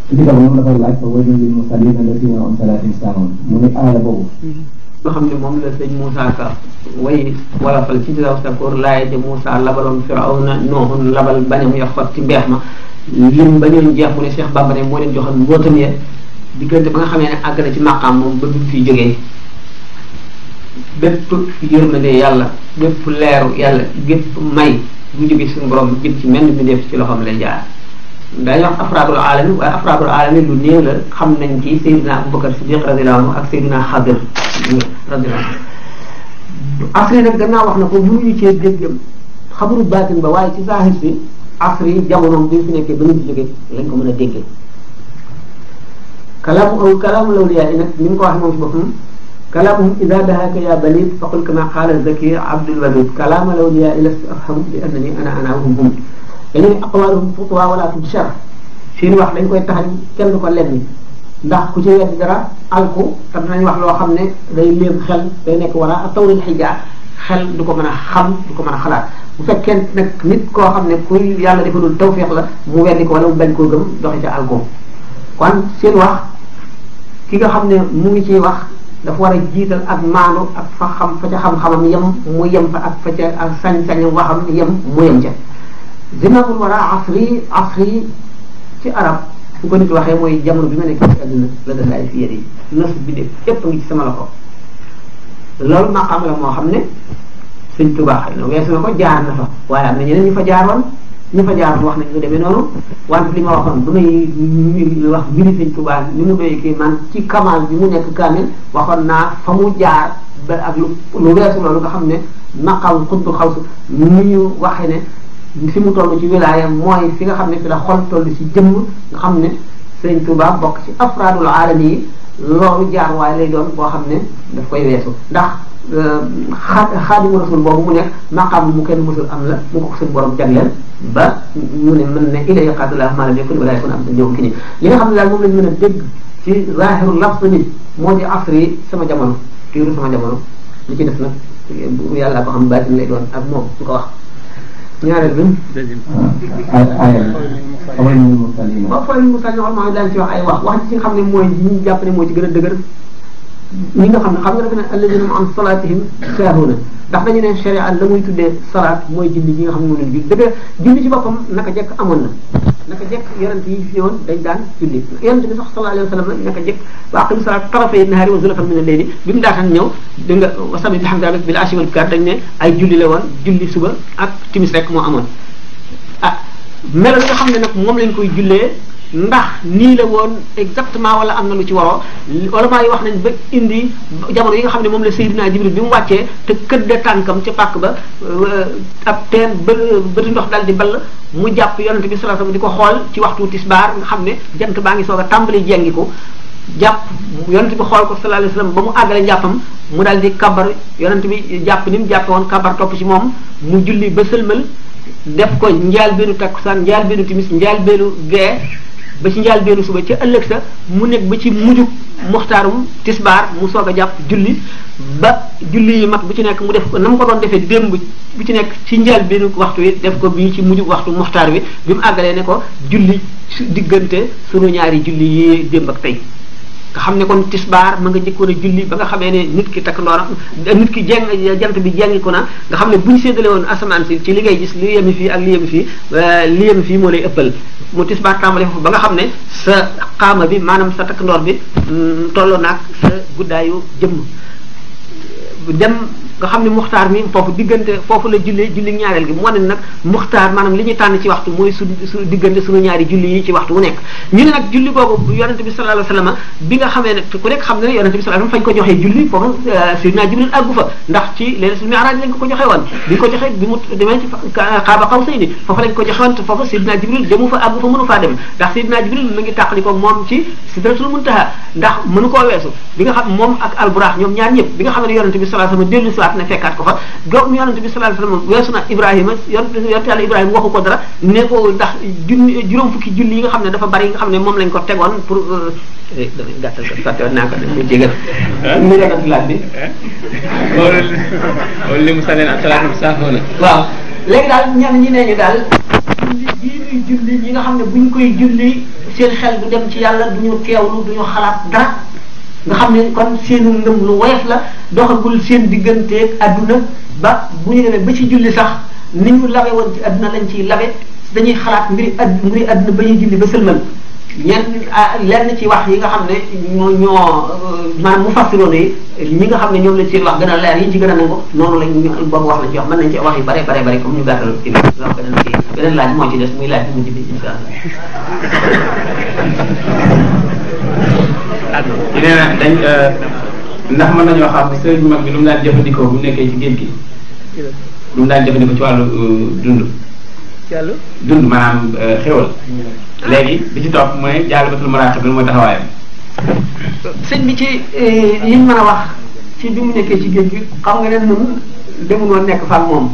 Speaker 3: ci biir moom dafay mu ne aaya boobu.
Speaker 1: nga xam ne moom la sëñ Moussa Ka way walafal ci daw sakoor laay ja Moussa labaloon Firawna Noohun labal bañam ya xot ci mbeex ma lim bañoon jeex mu ne Cheikh Bamba moo leen joxal mbootam ya diggante ba nga xamee ne àgg na ci maqaam moom ba du fi jógee bépp yërmande yàlla bépp leeru yàlla bépp may bu jógee suñu borom jëm ci mel ni def ci loxoom lay jaar. dañu wax afraadul aalami waaye afraadul aalami lu néew la xam nañ ci Seydina Abubakar Siddiq radiyallahu anhu ak Seydina Xadir radiyallahu anhu asri nag gannaaw wax na ko mënuñu cee dégg xabaru baatin ba waaye ci zahir si asri jamono bi fi nekkee ba ñu ci jógee lañ ko mën a déggee kalaamu kalaamu lawliyaa yi nag ni mu ko waxee moom ci boppam kalaamuhum ida dahaka ya balid faqul kama qaala zaki abdul wadud kalaama lawliyaa yi lastu afhamu li annani ana ana wahum dañuy aqwaalum futwa wala fi shar seen wax dañ koy taxañ kenn du ko lenn ndax ku ci weddi dara alku tam dinañ wax loo xam ne day léeb xel day nekk wala ak tawril xijaa xel du ko mën a xam du ko mën a xalaat bu fekkee nag nit koo xam ne kuy yàlla defalul tawféex la mu weddi ko wala mu bañ koo gëm doxe ca alku kon seen wax ki nga xam ne mu ngi ciy wax dafa war a jiital ak maanu ak fa xam fa ca xam-xamam yem mu yem fa ak fa ca ak sañ-sañam waxam yem zimamul wara asri asri ci arab bu ko nit waxee mooy jamono bi ma nekk ci àdduna la def ay fiyet yi nas bi de képp ngi ci sama loxo loolu maqaam la moo xam ne suñ tubaa xëy na weesu na ko jaar na fa waaye am na ñeneen ñu fa jaaroon ñu fa jaaroon wax nañ ko demee noonu wante li ma waxoon bu may wax mbiri suñ tubaa ni mu doy kii man ci kamaal bi mu nekk kaamil waxoon naa fa mu jaar ak lu lu weesu loolu nga xam ne maqaam xutbu xawsu ni ñu waxee ne fi mu toll ci wilaayam mooy fi nga xam ne fi la xol toll ci jëmm nga xam ne Sëriñ Tuubaa bokk ci afraadul aalami yi loolu jaar waaye lay doon boo xam ne daf koy weesu ndax euh, xa xaadimu rasul boobu mu ne maqaam mu kenn musul am la mu ko suñu borom jagleel ba ñu ne mën ne ilay qadullah ma lam yakun wala yakun am sa ñëw ki ni li nga xam ne daal moom lañ mën a dégg ci zahiru lafz ni moo di asri sama jamono tiiru sama jamono li ci def nag yàlla ko xam baatin lay doon ak moom su ko wax ñaareel bi. deuxième ay ay ay. mu tànn ba xoolal mu tànn xam naa daañu ci wax ay wax wax ci xam ne mooy ñi jàpp ne moo ci gën a dëgër ñi nga xam ne xam nga dafa ne alladina hum an salatihim saahuuna ndax dañu ne sharia la muy tuddee salaat mooy julli gi nga xam ne moom la ñu julli dëgg julli ci boppam naka jekk amoon na. naka jekk yonent dañ daan julli yonent bi sax sallallahu alayhi wa wa aqim salaat tarafay nahaari wa zulafan min al-layli bi mu daataan ñëw di nga wasami bihamdika bil ashi julli la woon julli suba ak timis rek moo amoon ah melo li nga xam ne nag moom lañ koy jullee ndax nii la woon exactement wala am na lu ci waroo ulama yi wax nañ ba indi jamono yi nga xam ne moom la Seydina Jibril bi mu wàccee te këdda tànkam ca pàkk ba euh, ab teen bë bëti ndox dal di bal mu jàpp yonent bi sallallahu di ko xool ci waxtu tisbaar nga xam ne jant baa ngi soog a tàmbali jengi ko jàpp yonent bi xool ko sallallahu alayhi wasallam ba mu àggale jàppam mu daal di kabar yonent bi jàpp ni mu jàppe woon kabar topp ci moom mu julli ba sëlmal def ko njaal beenu takkusaan njaal beenu timis njaal beenu gee ba ci njaal benn suba ca ëllëg sa mu nekk ba ci mujjug muxtaarum tisbaar mu soog a jàpp julli ba julli yi mag bu ci nekk mu def ko na mu ko doon defee démb bu ci nekk ci njaal benn waxtu wi def ko bii ci mujjug waxtu muxtaar wi bi mu àggalee ne ko julli diggante sunu ñaari julli yi démb ak tey nga xam ne kon tisbaar ma nga njëkkoon a julli ba nga xamee ne nit ki takk ndooram nit ki jeng jant bi jengiku na nga xam ne bu ñu séddale woon asamaan si ci li ngay gis li yemi fii ak li yemi fii euh, li yemi fii moo lay ëppal mu tisbaar tàmbale foofu ba nga xam ne sa xaama bi maanaam sa takk ndoor bi mm, tolloo naag sa guddaayu jëmm dem nga xam ne muxtaar mi foofu diggante foofu la jullee julli ñaareel gi moo ne nag muxtaar maanaam li ñu tànn ci waxtu mooy su su diggante suñu ñaari julli yi ci waxtu wu nekk ñu ne nag julli boobu yonente bi sallallahu nekk ko joxee julli foofu euh, Seydina Jibril fa ndax ci ko ko joxe woon bi dem ndax Seydina Jibril mu ngi tàqali ko moom ci sidratul muntaha ndax mënu koo weesu bi nga xam moom ak alburax ñoom ñaar ñëpp bi nga xam ne yonente bi sallallahu alayhi ñëwaat na fekkaat ko fa doom yonente bi sallallahu alayhi wasallam weesu na Ibrahima yonente yàlla Ibrahima waxu ko dara ne ndax junni julli yi nga xam ne dafa bari ne moom lañ ko tegoon pour euh,
Speaker 2: eh, gàttal ko fàttewoon naa ko dañ ko jégal eh? mu nekk laaj bi eh?
Speaker 1: loolu
Speaker 2: li mu saleen asalaatu saafoo na waaw léegi daal ñenn ñi nee
Speaker 1: ñu nga xam ne buñ koy julli seen xel du dem ci yàlla du ñu teewlu du ñu xalaat dara nga xam ne kon seenu ngëm lu woyof la doxagul seen digganteeg adduna ba bu ñu demee ba ci julli sax ni ñu lawe woon ci adduna lañ ciy lawe dañuy xalaat mbiri ad mbiri adduna ba ñuy julli ba sëlmal ñenn ah, lenn ci wax yi nga xam ne ñoo ñoo euh, maanaam mu fassiroon yi ñi nga xam ne ñoom lañ seen wax gën a leer yi ci gën a nangu noonu lañ ñu boobu wax lañ ci wax mën nañ ci wax yu bare bare bare comme ñu gàttal ci wax beneen kii beneen
Speaker 2: laaj moo ci des muy laaj bi mu jibi insha nee na dañ euh, ndax mën nañoo xam sëriñ mag bi lu mu daan jëfandikoo bu nekkee ci géej gi lu mu daan jëfandikoo ci wàllu euh, dund dund maanaam euh, xéwal léegi bi ci topp mooy jaalibatul maraaxib bi mooy taxawaayam
Speaker 1: sëñ bi ci yiñ mën a wax ci bi mu nekkee ci géej gi xam nga ne nun demunoon nekk fan moom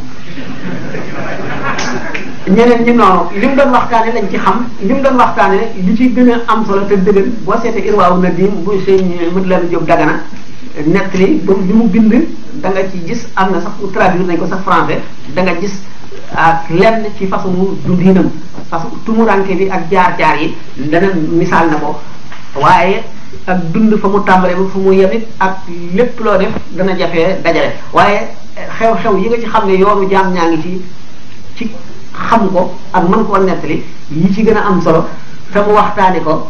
Speaker 1: ñeneen ñi noonu li mu doon waxtaane lañ ci xam li mu doon waxtaane li ci gën a am solo te dëggal boo seetee irwaawu na diim bu sëñ mët leen jóg dagana nett li ba li mu bind da nga ci gis am na sax traduire nañ ko sax français da nga gis ak lenn ci façon dundinam parce que tumuranke bi ak jaar-jaar yi deneen misaal na ko waaye ak dund fa mu tàmbalee ba fu mu yem ak lépp loo def dana jafee dajale waaye xew-xew yi nga ci xam ne yoonu jaam ñaa ngi ci ci xam ko ak mën koo nettali yi ci gën a am solo te mu waxtaane ko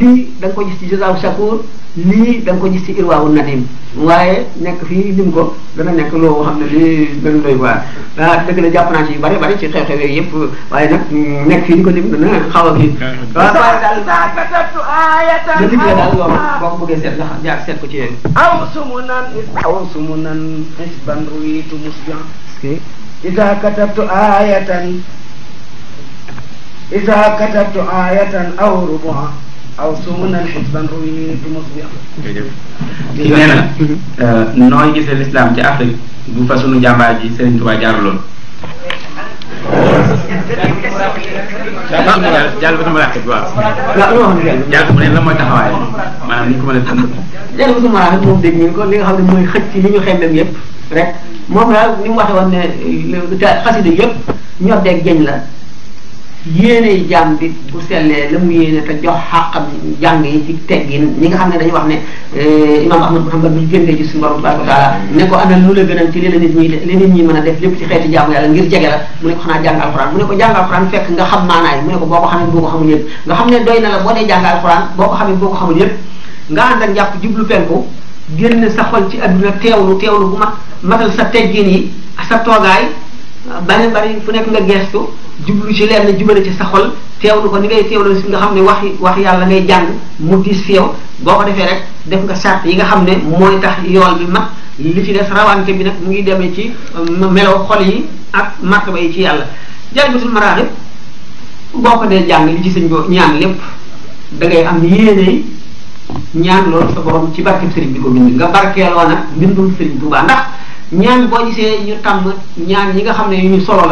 Speaker 1: lii da ko gis ci jazaaw shakur lii da nga ko gis ci irwaawu nadim waaye nekk fii lim ko dana nekk loo xam ne lii dana doy waar ah dëgg la jàpp naa ci yu bari bari ci xew-xew yëpp waaye nag nekk fii di ko lim dana a kii. waaw waaye daal
Speaker 2: nga ko bëggee seet nga xam yaa seet ko ci yéen.
Speaker 1: aw sumu nan aw sumu isaa katabtu aayatan aw rubuha aw sumunan xisban ruwitu musbix
Speaker 2: kii nee na euh, nooy gisee lislaam ci Afrique bu fa sunu ji Sëriñ Tuubaa jaaraloon jàll ba sama laqit
Speaker 4: waaw
Speaker 2: mooy
Speaker 1: taxawaay maanaam ni ñu ko mën a tënk mooy xëcc li ñu xemmem yépp rek moom daal ni mu waxee woon ne euh, xasida yëpp ñor deeg jëñ la yéene jàmm bi bu sellee la mu yéene te jox xàqam jàng yi ci teggin ñi nga xam ne dañu wax ne euh, imam ahmad muhammad bu génnee ci suñu borom tabaraka wa ne ko ana lu la gënal ci li la nit ñi li mën a def lépp ci xeeti jaamu yàlla ngir jege la mu ne ko xanaa jàng alquran mu ne ko jàng alquran fekk nga xam maanaay mu ne ko boo ko ne boo ko xamul yëpp nga xam ne doy na la boo dee jàng alquran boo ko xamee boo ko xamul yëpp nga ànd ak jàpp jublu penku génn sa xol ci adduna teewlu teewlu bu ma matal sa teggin yi sa toogaay ah, bari bari fu nekk nga gestu jublu ci lenn jubale ci sa xol teewlu ko ni ngay teewlu si nga xam ne wax wax yàlla ngay jàng mu diis fi yow boo ko defee rek def nga sart yi nga xam ne mooy tax yool bi mag li ci des rawante bi nag mu ngi demee ci um, melow xol yi ak martaba yi ci yàlla jalbatul maraaxib boo ko dee jàng li ci sëñ bo ñaan lépp da am yéene ñaan loolu sa borom ci barkeb sëriñ bi ko bind nga barkeeloo nag mbindum sëriñ Tuubaa ndax ñaan boo gisee ñu tàmm ñaan ñi nga xam ne yu ñu solo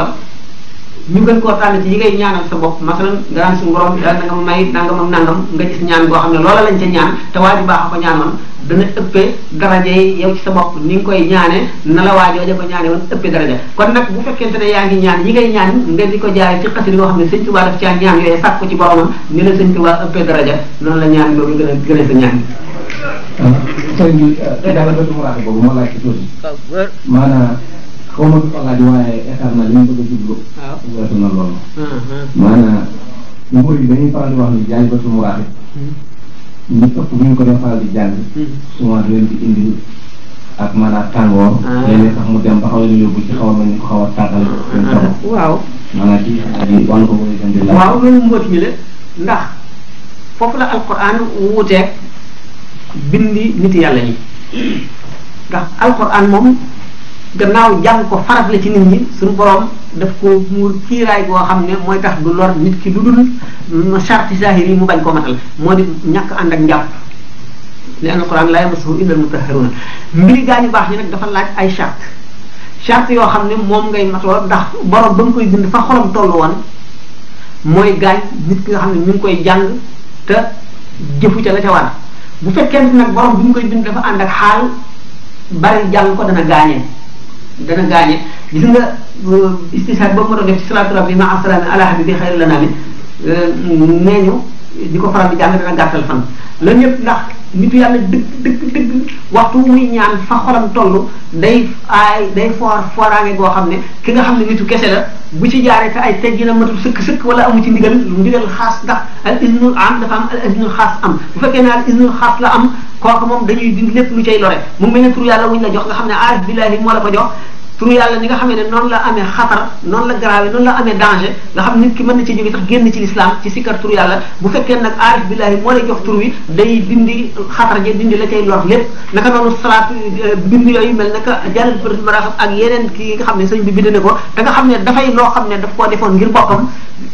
Speaker 1: ñu gën koo tànn ci yi ngay ñaanal sa bopp masalan nga naan suñu borom daal na nga may nangam nangam nga gis ñaan boo xam ne loola lañ ca ñaan te waa baax a ko ñaanoon dana ëppee yi yow sa ni nga koy ñaane na la waajoo ja ko ñaane woon ëppee daraja kon nag bu fekkente ne yaa ngi ñaan yi ngay ñaan nga ko jaay ci xasida xam ne sëñ Tuubaa daf caa ñaan yooyu sàkku ci boromam ni la sëñ Tuubaa ëppee daraja noonu la ñaan
Speaker 3: loolu gën a gën a sa ñaan yi. sëñ bi daal la boobu moo laaj xaw a yi dañuy faral di wax ko dee faral mu dem xaw a
Speaker 1: yóbbu la ndax foofu la alquran nit yàlla yi ndax alquran moom. gannaaw jàng ko farat la ci nit ñi suñu borom daf ko muur tiiraay boo xam ne mooy tax du lor nit ki lu dul sarti zahir yi mu bañ ko matal moo di ñàkk ànd ak njàpp li alquran la yamassuhu illa almutahharun mbiri gaa ñu baax ñi nag dafa laaj ay chart chart yoo xam ne moom ngay matoo ndax borom ba nga koy bind fa xolam tollu woon mooy gaañ nit ki nga xam ne ñu ngi koy jàng te jëfu ca la ca war bu fekkente nag borom bi ñu koy bind dafa ànd ak xaal bari ko dana gaañee dana gaañe gis nga euh, istishaad boobu ma doon def ci salaatu rabbi ma asalaami ala habibi xayri lanaami euh, nee ñu di ko faral di jàng dana gàttal fan la ñëpp ndax nitu yàlla dëgg dëgg dëgg waxtu muy ñaan fa xolam toll day aay day foor fooraange goo xam ne ki nga xam ne nitu kese la bu ci jaaree te ay teggi na matul sëkk sëkk wala amu ci ndigal ndigal xaas ndax al isnul am dafa am al isnul am bu fekkee ne al isnul la am kooku moom dañuy dindi lépp lu cay lore mu mel ne tur yàlla wuñ la jox nga xam ne aarif moo la ko jox turu yàlla ni nga xam ne noon la amee xatar noonu la grave noonu la amee danger nga xam nit ki mën na ci jóge tax génn ci lislaam ci sikkar turu yàlla bu fekkee nag aarif billaahi moo lay jox tur day dindi xatar ja dindi la cay lor lépp naka noonu salaat euh, bind yooyu mel naka jàll baraxam ak yeneen ki nga xam ne sëñ bi bind na ko da nga xam ne dafay loo xam ne daf koo defoon ngir boppam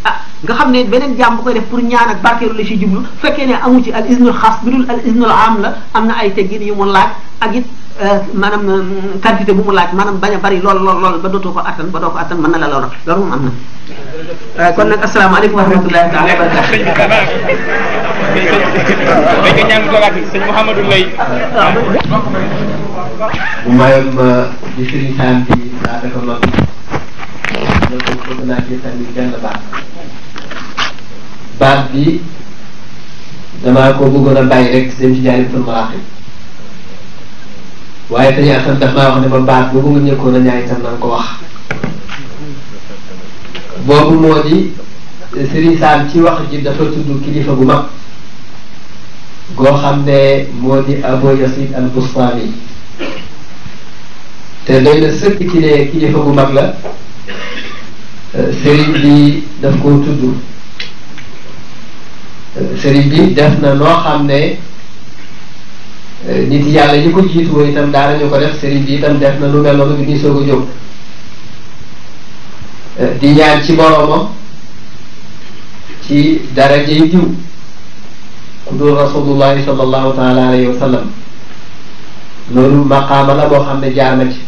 Speaker 1: ah nga xam ne beneen jàmm bu koy def pour ñaan ak barkeelu la ci jublu fekkee ne amu ci al isnul xas bi dul al isnul am la am na ay teggin yu mu laaj ak it Euh, maanaam euh, quantité bu mu laaj maanaam bañ a bari lool lool lool ba dootoo ko attan ba doo ko attan mën na la lor loolu moom am na euh, kon nag asalaamaaleykum wa rahmatullahi taala wa barakatuh
Speaker 3: ñaan ko
Speaker 2: waat sëñ Mouhamadou Lay
Speaker 3: bu mayam di sëriñ Sam bi daa dafa noonu dafa bëgg naa ci sànni benn baat baat bi damaa ko
Speaker 1: bëggoon a bàyyi rek dem ci jaari bi waaye sëñ Assane daf maa wax ne ma baat boobu nga njëkkoon a ñaan itam na ko wax boobu moo di Serigne Sam ci wax ji dafa tudd kilifa gu mag goo xam ne moo di Abu Yasid al Bustami te doy na sëkk kilifa gu mag la Serigne bi daf koo tudd Serigne bi def na noo xam ne. Eh, nit yàlla ñi ko jiitu woon itam daanañu ko def sëriñ bi lu mel noonu bi ñuy soog a eh, di ñaan ci boroomam ci darajey diw ku dul rasulullahi sallallahu taala alayhi wa sallam loolu maqaama la boo xam ne jaar na ci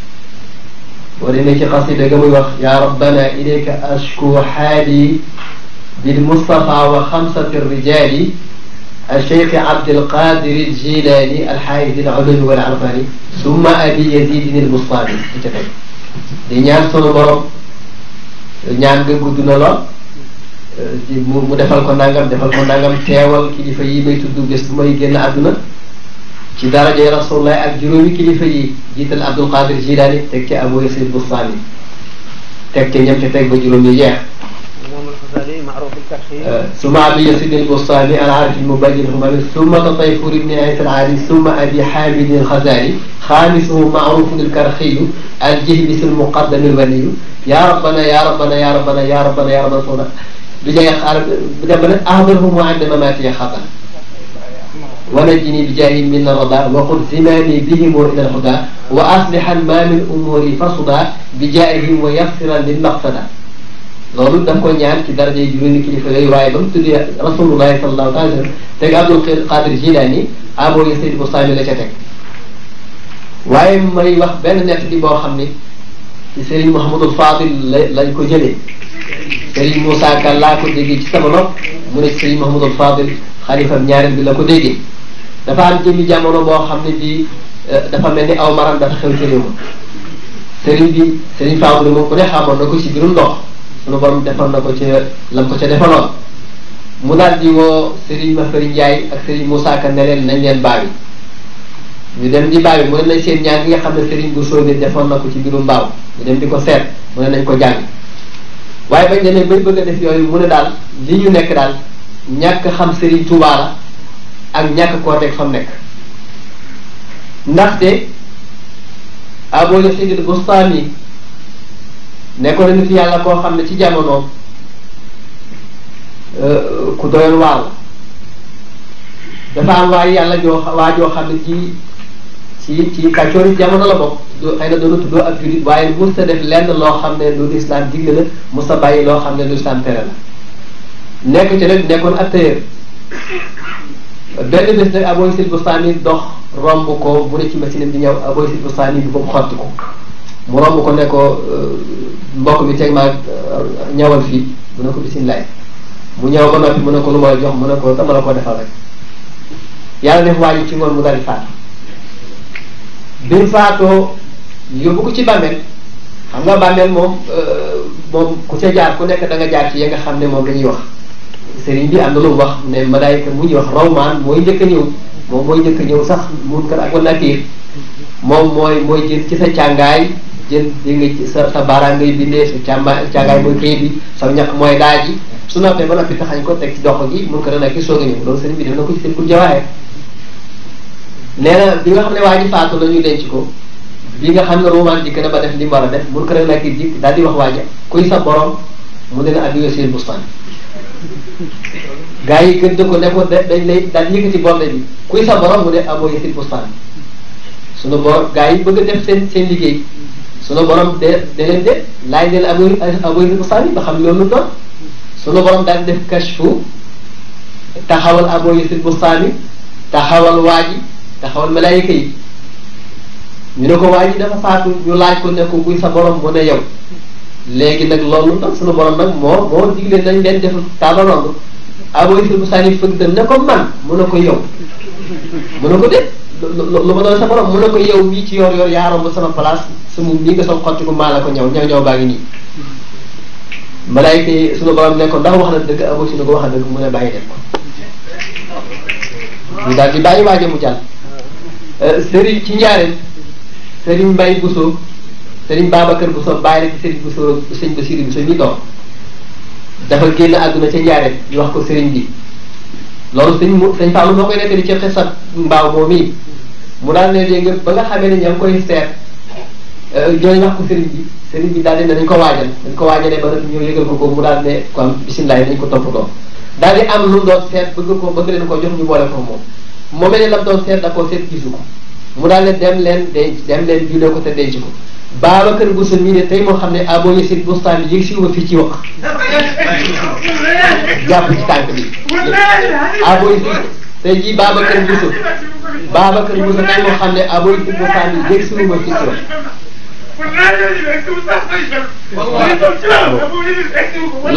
Speaker 1: boo demee ci ya rabbana ilayka ashku haali bil mustafa wa xamsati rijaali الشيخ عبد القادر الجيلاني الحائز al والعرفاني ثم أبي يزيد البسطامي di ñaan sunu borom ñaan nga gudd na lool di mu mu defal ko nangam defal ko nangam teewal kilifa yi may tudd bés bu may génn àdduna ci darajay rasulullah ak juróomi kilifa yi jiital Abdul Qadir Jilaani teg ci Abu Yazid Bustami teg ñam ca ba juróom yi jeex ثم عبد يزيد البسطامي العارف المبين الهمامي ثم تطيفور بن عيسى العالي ثم أبي حامد الخزالي خامسه معروف الكرخي الجهبس المقدم الولي يا ربنا يا ربنا يا ربنا يا ربنا يا ربنا بجاه بدمنا أحضرهم وعند مماتي خطأ ونجني بجاه من الرضا وقل زماني بهم إلى الهدى وأصلحا ما من أموري فصدا بجاههم ويسرا للمقصدة loolu da nga ñaan ci daraja yi juróomi kilifa yooyu waaye ba mu tuddee rasulullahi sallallahu alayhi wa sallam teg Abdul Qadir Jilani amoo yi Seydi Bustami la ca waaye may la benn nett bi boo xam ni ci Serigne Mouhamadul Fadil la lañ ko jëlee Serigne Moussa laa ko déggee ci sama nopp mu ne Serigne Mouhamadul Fadil xalifam ñaareel bi la ko déggee dafa am jamono boo xam ne bii eh, dafa mel ni aw maram dafa xew ci réew ma Serigne bi Serigne Fadil ku ne xamoon na ko ci biirum ndox sunu borom defal na ko ci lam ko ca defaloon mu daal di woo Serigne Mafari Ndiaye ak sëriñ Moussa Ka ne leen nañ leen baawi ñu dem di baawi mu ne nañ seen ñaan yi nga xam ne Serigne bu soobee defoon na ko ci biiru mbaaw ñu dem di ko seet mu ne nañ ko jàng waaye bañ demee bay bëgg a def yooyu mu ne daal li ñu nekk daal ñàkk xam Serigne Touba ak ñàkk koo teg fam nekk ndaxte Abou Yasid al-Bustami nekkoon na nit yàlla koo xam ne ci jamono euh, ku doyoon waaw dafa am waaye yàlla joo waa joo xam ne ci ci ci kàccoori jamono la bokk xëy na doona tuddoo ak julit waaye mës ta def lenn loo xam ne lu islam digle la mës ta bàyyi loo xam ne lu islam tere la nekk ci nag nekkoon ak tëyeer benn bés nag aboy sil bu saani dox romb ko bu ne ci machine bi ñëw aboy sil bu saani bi boobu xotti ko mu romb ko nekkoo ko euh, mbokk mi teg maa euh, ñawal fii mu ne ko bisimilah mu ñaw ba noppi mu ko lu ma jox mu ne ko dama la ko defal rek yàlla def waa ci ngoon mu daal di faatu faatoo yóbbu ko ci bàmmeel xam nga bàmmeel moom euh, moom ku ca jaar ku nekk da nga jaar ci ya nga xam ne moom dañuy wax sëriñ bi am na lu wax ne malaayika mu ñuy wax rawmaan mooy njëkk a ñëw moom mooy njëkk ñëw sax munkar ak nakiir moom mooy mooy jël ci sa càngaay jël di nga ci sa sa baaraam ngay bindee sa càmba càngaay mooy këyit bi sa ñaq mooy daaj yi su noppee ba noppi taxañ ko teg ci dox gi mun ko dana ki soog a ñëw loolu ko ci seen kur jawaaye na bi nga xam ne waa ji faatu na ñu denc ko bi nga xam ne roman dikk na ba def li war a def mun ko dana ki daal di wax waaja kuy sa borom mu dina abiyo seen bustaan gaa yi gën ko ne ko dañ lay daal ci bonde bi kuy sa borom mu ne amoo seen bustaan sunu boor gaa yi bëgg def seen seen liggéey sunu borom de de leen de laaj leen abu ba xam loolu doon sunu borom daal def kashfu taxawal abu Yusuf Bustaami taxawal waa ji taxawal malaayika yi ñu ne ko waa ji dafa faatu ñu laaj ko ne ko buy sa borom mu ne yow léegi nag loolu nag sunu borom man moo moo digle nañ leen def taaba romb abu Yusuf Bustaami fëgg ne ko man mu ne ko yow mu ne ko de. lu ma doon sa borom mu ne ko yow mii ci yoor yaa romb sama place su mu nii nga sol xotti ko ko ñëw ñëw ñëw baa ngi nii malaayka yi sunu ne ko ndax wax na dëgg amoo si ko wax na dëgg mu ko ñu daal di mu jàll euh, sëriñ ci njaareel sëriñ Mbay Buso sëriñ Babacar Buso bàyyi rek sëriñ Buso sëñ Basiru Buso ñu toog dafa génn àdduna ca njaareel ñu wax ko sëriñ bi loolu sëñ mu sëñ Fallou moo koy nettali ci xisa mbaaw moom mii mu daal ne léegi ba nga xamee ne ña ngi koy seet euh, ñooy wax ko sëriñ bi sëriñ bi daal ne nañ ko waajal dañ ko waajalee ba ñu yëgal ko ko mu daal ne kon bisimilah dañ ko toppatoo daal di am lu doon seet bëgg ko bëgg leen ko jox ñu boole ko moom moo mel ne lam doon seet da koo seet gisu ko mu daal ne dem leen denc dem leen jullee ko te denc ko Babacar Boussa mii ne tey moo xam ne Abo Yassine Bustami yëg si ma fii ci wax jàpp ci tànk bi Abo Yassine tey jii Babacar Boussa Babacar Boussa tey moo xam ne
Speaker 2: Abo Yassine Bustami yëg si ma fii ci wax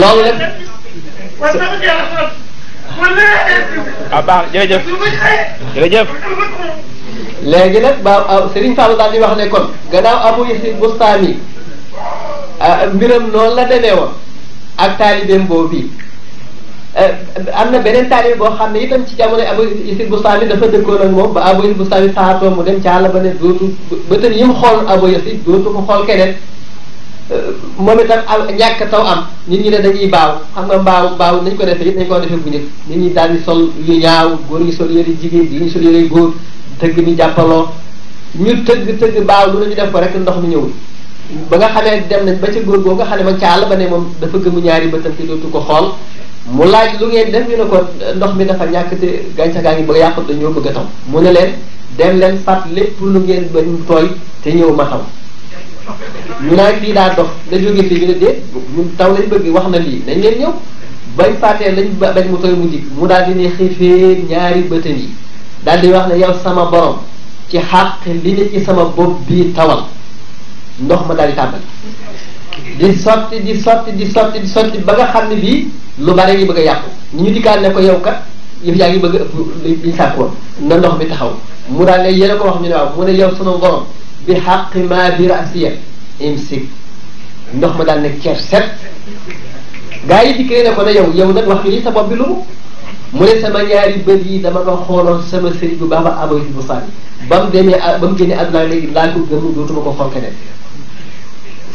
Speaker 2: loolu nag ah baax jërëjëf
Speaker 1: jërëjëf léegi nag ba Serigne Fallou daal di wax ne kon gannaaw Abu Yazid Bustami mbiram noonu la demee woon ak taalibeem boobu eh, am na beneen taalibe boo xam ne itam ci jamono Abu Yazid Bustami dafa dëkkoon ak moom ba Abu Yazid Bustami saatoo mu dem ca àll ba ne dootu bëtër yi mu xool Abu Yazid dootu ko xool keneen eh, moom itam am ñàkk taw am nit ñi ne dañuy baaw xam nga mbaaw mbaaw nañ ko defee it nañ ko defee bu njëkk nit ñi daal di sol yu ñaaw góor ñi sol yëre jigéen jigéen ñi sol tëgg mi jàppaloo ñu tëgg tëgg baaw lu nañu def ko rek ndox mi ñëwul ba nga xamee dem nañ ba ca góor goo nga xam ne ma caal ba ne moom dafa gëmu ñaari bëtam te dootu ko xool mu laaj lu ngeen def ñu ne ko ndox mi dafa ñàkk te gàncax gaa ngi bëgg a dañoo bëgg a taw mu ne leen dem leen fat lépp lu ngeen ba ñu tooy te ñëw ma taw ñu naa fii daa dox nga jóge fii ñu ne déet ñun taw lañ bëgg wax na lii nañ leen ñëw bañ fàttee lañ bañ dañ tooy mu jig mu daal di ne xëfee ñaari bëtam yi daal di wax ne yow sama borom ci xàq li ne sama bopp bii tawal ndox ma daal di tàmbali di sotti di sotti di sotti di ba nga xam ne bii lu bare ngi bëgg a yàqu ñu dikkaat ne ko yow kat yëf yaa ngi bëgg a ëpp liñ sàkkoon na ndox mi taxaw mu daal ne yéen a ko wax ñu ne waaw mu ne yow sunu borom bi xàq ma bi rasiya imsik ndox ma daal ne ker set gaa yi dikkee ne ko ne yow yow nag wax lii sa bopp bi lu mu ne sama ñaari bët yi dama ko xooloon sama sëriñ bu baax ba amoy bu faal ba mu demee ba mu génnee àdduna léegi laa ko gëm dootuma ko xonk ne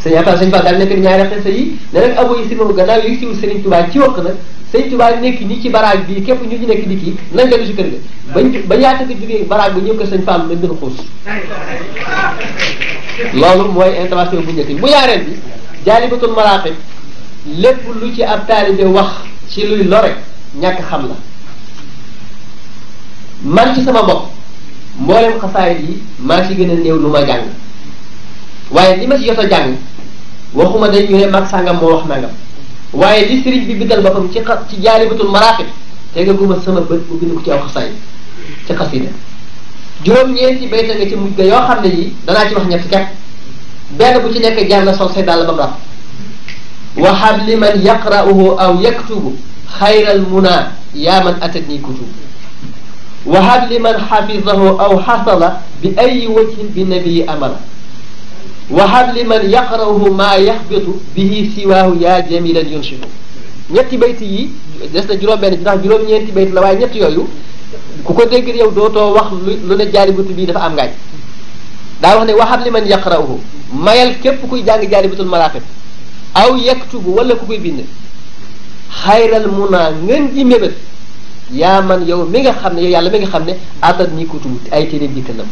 Speaker 1: sëñ Atta sëñ Fall daal nekk ñaari yi ne nag abo yi si moom gannaaw yi ci wax nag Sëriñ Tuubaa nekk ñi ci barage bi képp ñu ñu nekk di kii lan nga si kër ga bañ ba yaata ko jógee barage ba ñëw ko sëñ Fall lañ gën a
Speaker 4: xuus loolu
Speaker 1: mooy intervention bu njëkk bu yaareel bi jaalibatul maraqib lépp lu ci ab taalibe wax ci luy lore ñàkk xam la man ci sama bopp mboolem xasaayit yi maa ci gën a néew lu ma jàng waaye li ma ci jot a jàng waxuma dañu ne mag sàngam moo wax nangam waaye li sëriñ bi bindal boppam ci xa ci jaalibatul maraqib tegaguma sama bët bu bind ko ci aw xasaayit ci xasida juróom-ñeenti bayta nga ci mujj ga yoo xam ne yi danaa ci wax ñett kat benn bu ci nekk jàng na sol say dàll ba mu raf waxab li man yaqra'uhu aw yaktubu xayral muna yaa man atatni kutub wa hab li man xafizahu aw xasala bi ayi wajhin bi nabii amala wa hab li man yaqrahu maa yaxbitu bihi siwaahu yaa jamilan yunshifu ñetti bayti yi des na juróom-benn ndax juróom-ñeenti bayt la waaye ñett yooyu ku ko dégg yow dootoo wax lu ne jaalibutu bii dafa am ngaaj daa wax ne waxab li man yaqra'uhu mayal képp kuy jàng jaalibutul maraqib aw yaktubu wala ku koy bind xayral mun naa ngeen ji mébét yaa man yow mi nga xam ne yow yàlla mi nga xam ne atat ni kutub ay téeréem dikkal na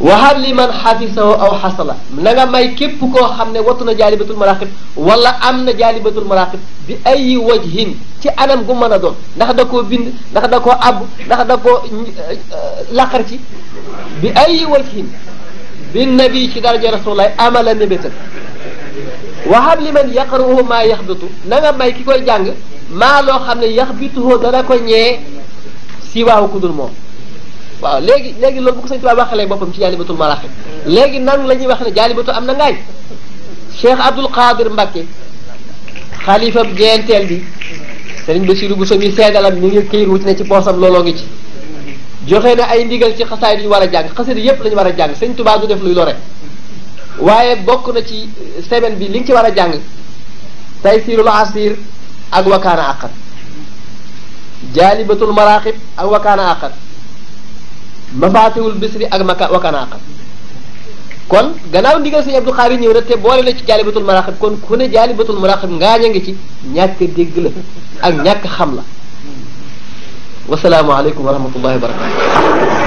Speaker 1: ma li man xafisahu aw xasala na nga may képp koo xam ne wattu na jaalibatul maraqib wala am na jaalibatul maraqib bi ay wajhin ci anam gu mën a doon ndax da koo bind ndax da koo àbb ndax da koo eh, eh, laqar ci bi ay wajhin bi nabi ci daraja rasulullah amala mébétal wahab li man yaqra'uhu maa yaxbitu na nga may ki koy jàng maa loo xam ne yaxbituhu dana ko ñee si waaw ku dul moom waaw léegi léegi loolu bu ko Sëñ Tuubaa waxalee boppam ci jaalibatul maraaxib léegi nan la ñuy wax ne jaalibatu am na ngaay Cheikh Abdul Qadir Mbakke xalifa jeenteel bi Sëriñ Basiru bu somi seedalam ñu ngi këyit wuti ne ci poosam looloo ngi ci joxe na ay ndigal ci xasaay yu ñu war a jàng xasaay yépp la ñu war a jàng Sëñ tubaa du de luy lore waaye bokk na ci semaine bi li nga ci war a jàng tay siirul asir ak wakaana àqan jaalibatul maraqib ak wakaana àqan mafatihul bisri ak maka wakaana àqan kon gannaaw ndigal sëñ Abdou Khari ñëw na te boole la ci jaalibatul maraqib kon ku ne jaalibatul maraqib ngaaña ngi ci ñàkk a dégg la ak ñàkk xam la wasalaamualeykum wa rahmatullahi
Speaker 2: wa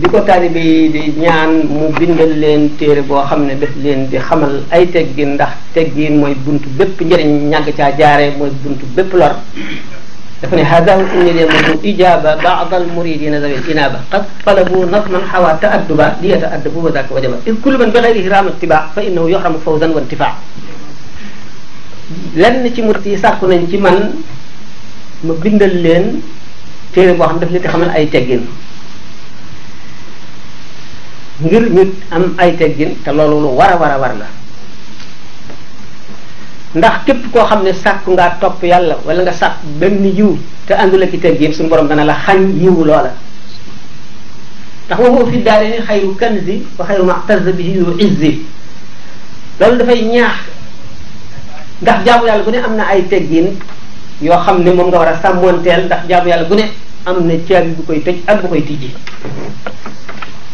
Speaker 1: bi ko taalibe yi di ñaan mu bindal leen téere boo xam ne def leen di xamal ay teggin ndax teggin mooy buntu bépp njëriñ ñàgg caa jaare mooy buntu bépp lor dafa ne hadahu inni le madu ijaba baad al muridina zawil inaba qad talabu nasman xawa taadduba li yataaddabu wa daka wajaba id kullu man bi xayrihi raama ittibaa fa innahu yoxramu fawzan wa intifaa lenn ci murit yi sàkku nañ ci man ma bindal leen téere boo xam daf leen di xam ay teggin ngir ñu am ay teggin te loolu war a war a war la ndax képp koo xam ne sàkku nga topp yàlla wala nga sàkk benn yiw te àndul ak i teggin suñu borom dana la xañ yiwu loola ndax waxoo fi daare ni xayru kanzi wa xayru maxtaz bihi yu loolu dafay ñaax ndax jaamu yàlla gu ne am na ay teggin yoo xam ne moom nga war a sàmmoonteel ndax jaamu yàlla gu ne am na caabi bu koy tëj ak bu koy tijji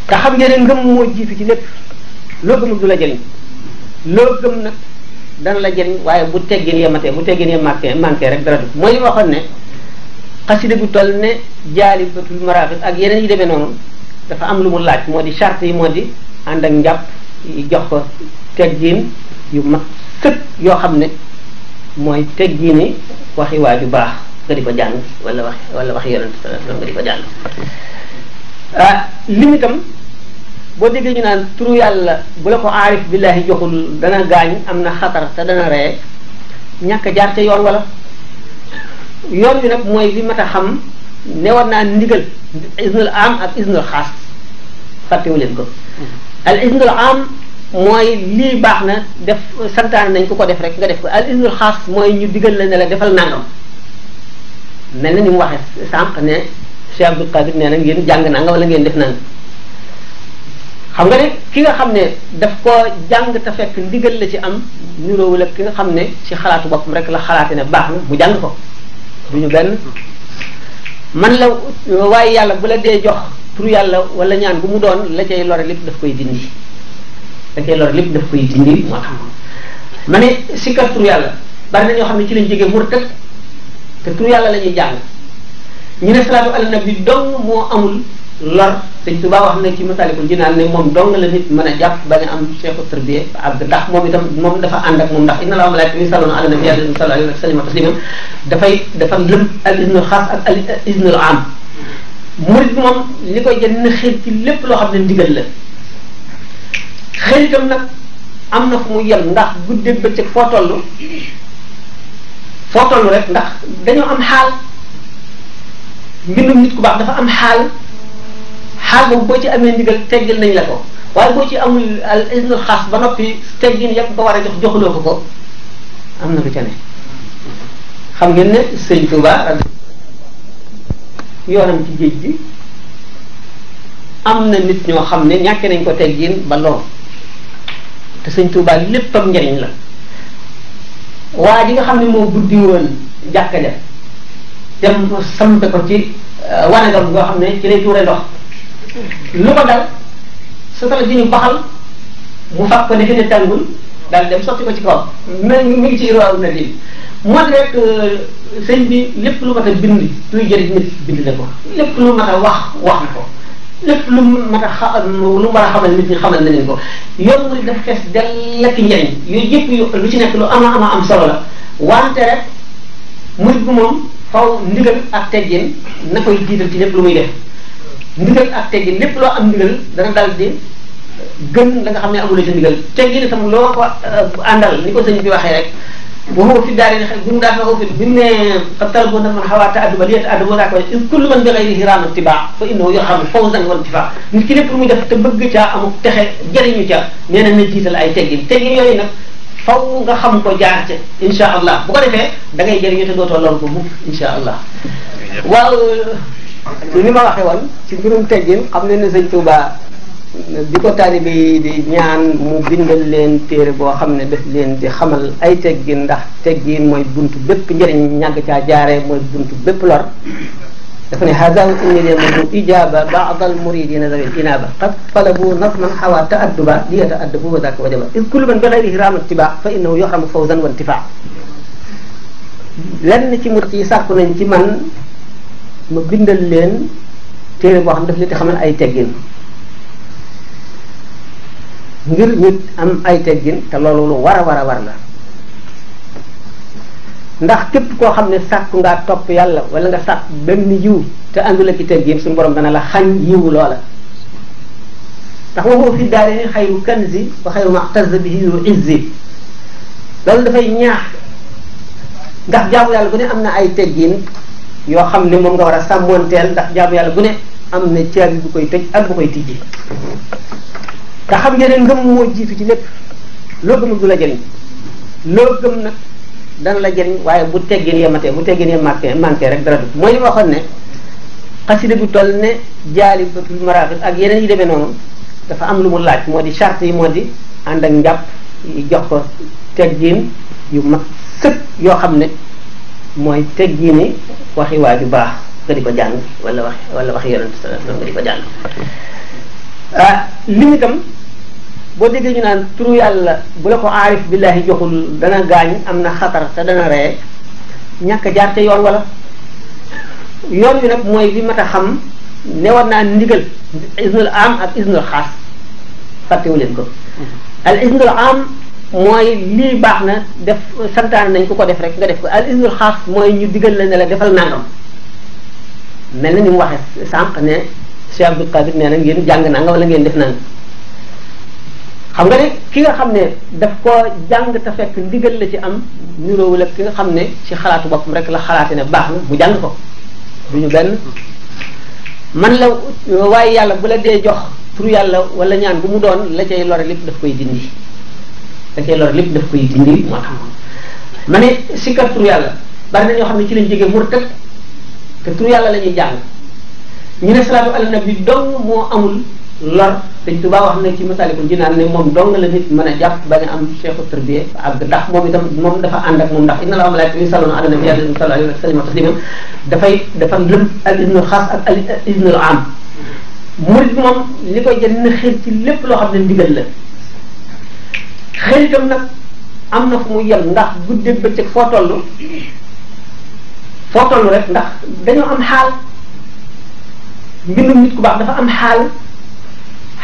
Speaker 1: te xam ngeen ne ngëm moo jiitu ci lépp loo gëmul du la jëriñ loo gëm nag dana la jëriñ waaye bu teggin yematee bu teggin yematee manqué rek dara du mooy li waxoon ne xasida bu toll ne jaalibatul marafis ak yeneen yi demee noonu dafa am lu mu laaj moo di charte yi moo di ànd ak njàpp jox ko teggin yu mag sëkk yoo xam ne mooy teggini waxi waa ju baax nga di ko jàng wala wax wala waxi yonent nga di ko jàng ah lim itam boo déggee ñu naan turu yàlla bu la ko aarif billaahi joxul dana gaañ am na xatar te dana reye ñàkk jaar ca yoon wala yoon bi nag mooy li mat a xam ne war naa ndigal isnul am ak isnul xaas fàttewu leen ko mm-hmm. al isnul am mooy lii baax na def santaane nañ ku ko def rek nga def ko al isnul xaas mooy ñu digal la ne la defal nangam mel na ni mu waxee sànq ne Cheikh Abdou Qadir nee na ngeen jàng nanga wala ngeen def nanga xam nga ne ki nga xam ne daf ko jàng te fekk ndigal la ci am niroowul ak ki nga xam ne ci xalaatu boppam rek la xalaate ne baax na mu jàng ko du ñu benn man la waaye yàlla bu la dee jox pour yàlla wala ñaan bu mu doon la cay lore lépp daf koy dindi la cay lore lépp daf koy dindi moo tax sikkar tur yàlla bari na ñoo xam ne ci lañ jógee murtat te tur yàlla la ñuy jàng ñu ne salaatu ala nabi dong moo amul lor sëñ Tuba wax na ci Masaalikul Jinaan ne moom dong la nit jàpp bañ a am cheikhu tarbiya moom itam moom dafa ànd ak moom ndax inna laa malaaka yusalluuna ala nabi alayhi sallallahu alayhi dafay dafa lëm al iznul xaas ak al moom li koy jënd na ci lépp loo xam ne ndigal la xel itam nag am na mu yem ndax guddeeg bëccëg foo toll foo rek ndax dañoo am xaal mbindum nit ku baax dafa am xaal xaal boobu boo ci amee ndigal teggil nañ la ko waaye boo ci amul al isnul ba noppi teggin yëpp ba war a jox joxuloo ko ko am na lu ca ne xam ngeen ne sëñ Touba yoonam ci géej gi am na nit ñoo xam ne ñàkke nañ ko teggin ba lool te sëñ Touba léppam njariñ la waa ji nga xam ne moo guddi woon jàkka ja dem sampe ko ci euh, wanagam goo xam ne ci lay tuure ndox lu ko dal satala ji ñu baxal mu fàq ko ne fi ne tàngul daal dem sotti ko ci kaw mel mi ngi ci irwaaw na lii moo di rek euh, sëñ bi lépp lu mat a bind luy jëriñ nit bind na lépp lu ma a wax wax ko lépp lu mat a xa lu war a xamal nit ñi xamal na leen ko yoon mu daf fees dell ak njëriñ yooyu yëpp lu ci nekk lu ama ama am solo la wante rek murid faw ndigal ak teggin na koy jiital ci lépp lu muy def ndigal ak teggin lépp loo am ndigal dana daal di gën la nga xam ne amuloo ci ndigal teggin itam loo ko euh, àndal ni ko sëñ bi waxee rek bu ma fi daal di ne xëy bu mu daal ma ko fi bi mu nee xam talaboo na man xawaa ta adduba liyet adduba naa ko kullu man bi xëyri xiraanu tibaa fa innahu yoo xam fawzan wan tifa nit ki lépp lu muy def te bëgg caa amuk texe jëriñu ca nee na na jiital ay teggin teggin yooyu nag faw nga xam ko jaar ca insha allah bu ko defee da ngay jëriñu te dootoo lool ko mukk insha allah waaw euh, ni ma waxee woon ci mbirum teggin xam ne ne sëñ bi ko taalibe yi di ñaan mu bindal leen téere boo xam ne daf leen di xamal ay teggin ndax teggin mooy bunt bépp njëriñ ñàgg caa jaaree mooy buntu bépp lor dafa ne haza umnilia madu ijaba bad almuridina zawil inaba qad talabu nasman xawa taadduba li yataaddabu wa zaka wajaba is kullu man bi xayrihi raama tiba fa innahu yoxramu fawzan wa intifaa lenn ci murit yi sàkku nañ ci man ma bindal leen téere boo xam daf leen di xamal ay teggin ngir nit am ay teggin te loolu lu war a war a war la ndax képp koo xam ne sàkku ngaa topp yàlla wala nga sàkk benn yiw te àndul ak itam suñu borom dana la xañ yiwu loola ndax waxoo fi daare ni xayru kansi wa xayru bi bihi wa izzi loolu dafay ñaax ndax jaamu yàlla gu ne am na ay teggin yoo xam ne moom nga war a sàmmoonteel ndax jaamu yàlla gu ne am na caabi bu koy tëj ak bu koy tijji te xam ngeen ne ngëm moo jiitu ci lépp loo gëmul du la jëriñ loo gëm nag dana la jëriñ waaye bu teggin yematee bu teggin ye manqué rek dara du mooy li ma waxoon ne xasida bi toll ne jaalibatul maraaxib ak yeneen yi demee noonu dafa am lu mu laaj moo di charte yi moo di ànd ak njàpp jox ko teggin yu mag sëkk yoo xam ne mooy teggini waxi waa ju baax nga di ko jàng wala wax wala waxi yonent sallallahu alayhi wasallam nga di ko jàng ah limitam boo déggee ñu naan turu yàlla bu la ko aarif billahi joxul dana gaañ am na xatar te dana ree ñàkk jaar te yoon wala yoon wi nag mooy li mat a xam ne war naa ndigal isnul am ak isnul xaas fàttewu leen ko mm-hmm. al isnul am mooy lii baax na def santaane nañ ku ko def rek nga def ko al isnul xaas mooy ñu digal la ne la defal nangam mel na ni mu waxee sànq ne Cheikh Abdul Qadir nee na ngeen jàng nanga wala ngeen def nanga xam nga ne ki nga xam ne daf ko jàng te fekk ndigal la ci am niroowul ak ki nga xam ne ci xalaatu boppam rek la xalaate ne baax na mu jàng ko du ñu benn man la waaye yàlla bu la dee jox turu yàlla wala ñaan bu mu doon la cay lore lépp daf koy dindi la cay lore lépp daf koy dindi ma ne sikkar turu yàlla ñoo xam ne ci lañ jógee murtat te turu yàlla la ñuy jàng moo amul lor sëñ Tuubaa wax na ci Masaalikul Jinaan ne moom dong la nit mën a jàpp bañ a am cheikhu tarbiya ak ndax moom itam moom dafa ànd ak moom ndax inna laa malaa'ikata yusalluuna alan nabi yàlla sallallahu alayhi wa dafay dafa lëm al iznul xaas ak al iznul am murid moom li koy jël na ci lépp loo xam ne ndigal la xel itam nag am na fu mu yem ndax guddeeg bëccëg foo toll foo toll rek ndax dañoo am xaal mbindum nit ku baax dafa am xaal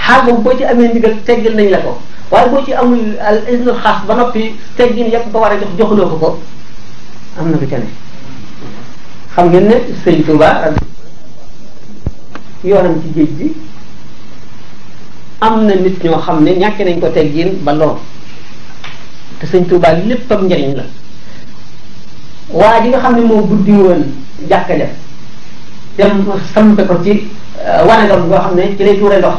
Speaker 1: xaal boobu boo ci amee ndigal teggil nañ la ko waaye boo ci amul al isnul xaas ba noppi teggin yëpp ba war a jox joxuloo ko ko am na ko ca xam ngeen ne sëñ Tuba yoonam ci géej gi am na nit ñoo xam ne ñàkkee nañ ko teggin ba lool te sëñ Tuba léppam njariñ la waa ji nga xam ne moo guddi woon jàkka ja dem sampe ko ci euh, wanagam boo xam ne ci lay tuure ndox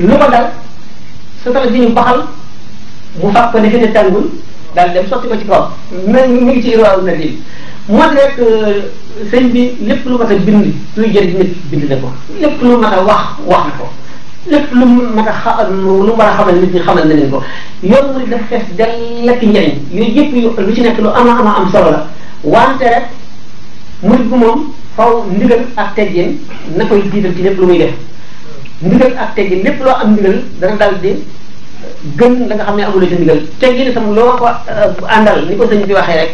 Speaker 1: lu ma dal satala ji ñu baxal mu fàq ko ne fi ne tàngul daal dem sotti ko ci kaw mel ni ngi ci irwaaw na lii moo di rek euh, bi lépp lu mat bi bind luy bind na ko lépp lu mat a wax wax na ko lépp lu ma a xa lu war a xamal nit xam xamal na leen ko yoon mu dafa fees dell ak njëriñ yooyu yëpp yu lu ci nekk lu ama ama am solo la wante rek murid bu moom faw ndigal ak teggin na koy jiital ci lépp lu muy def ndigal ak teggin lépp loo am ndigal dana dal di gën la nga xam ne amuloo ci ndigal teggin sama loo ko euh, àndal ni ko sëñ bi waxee rek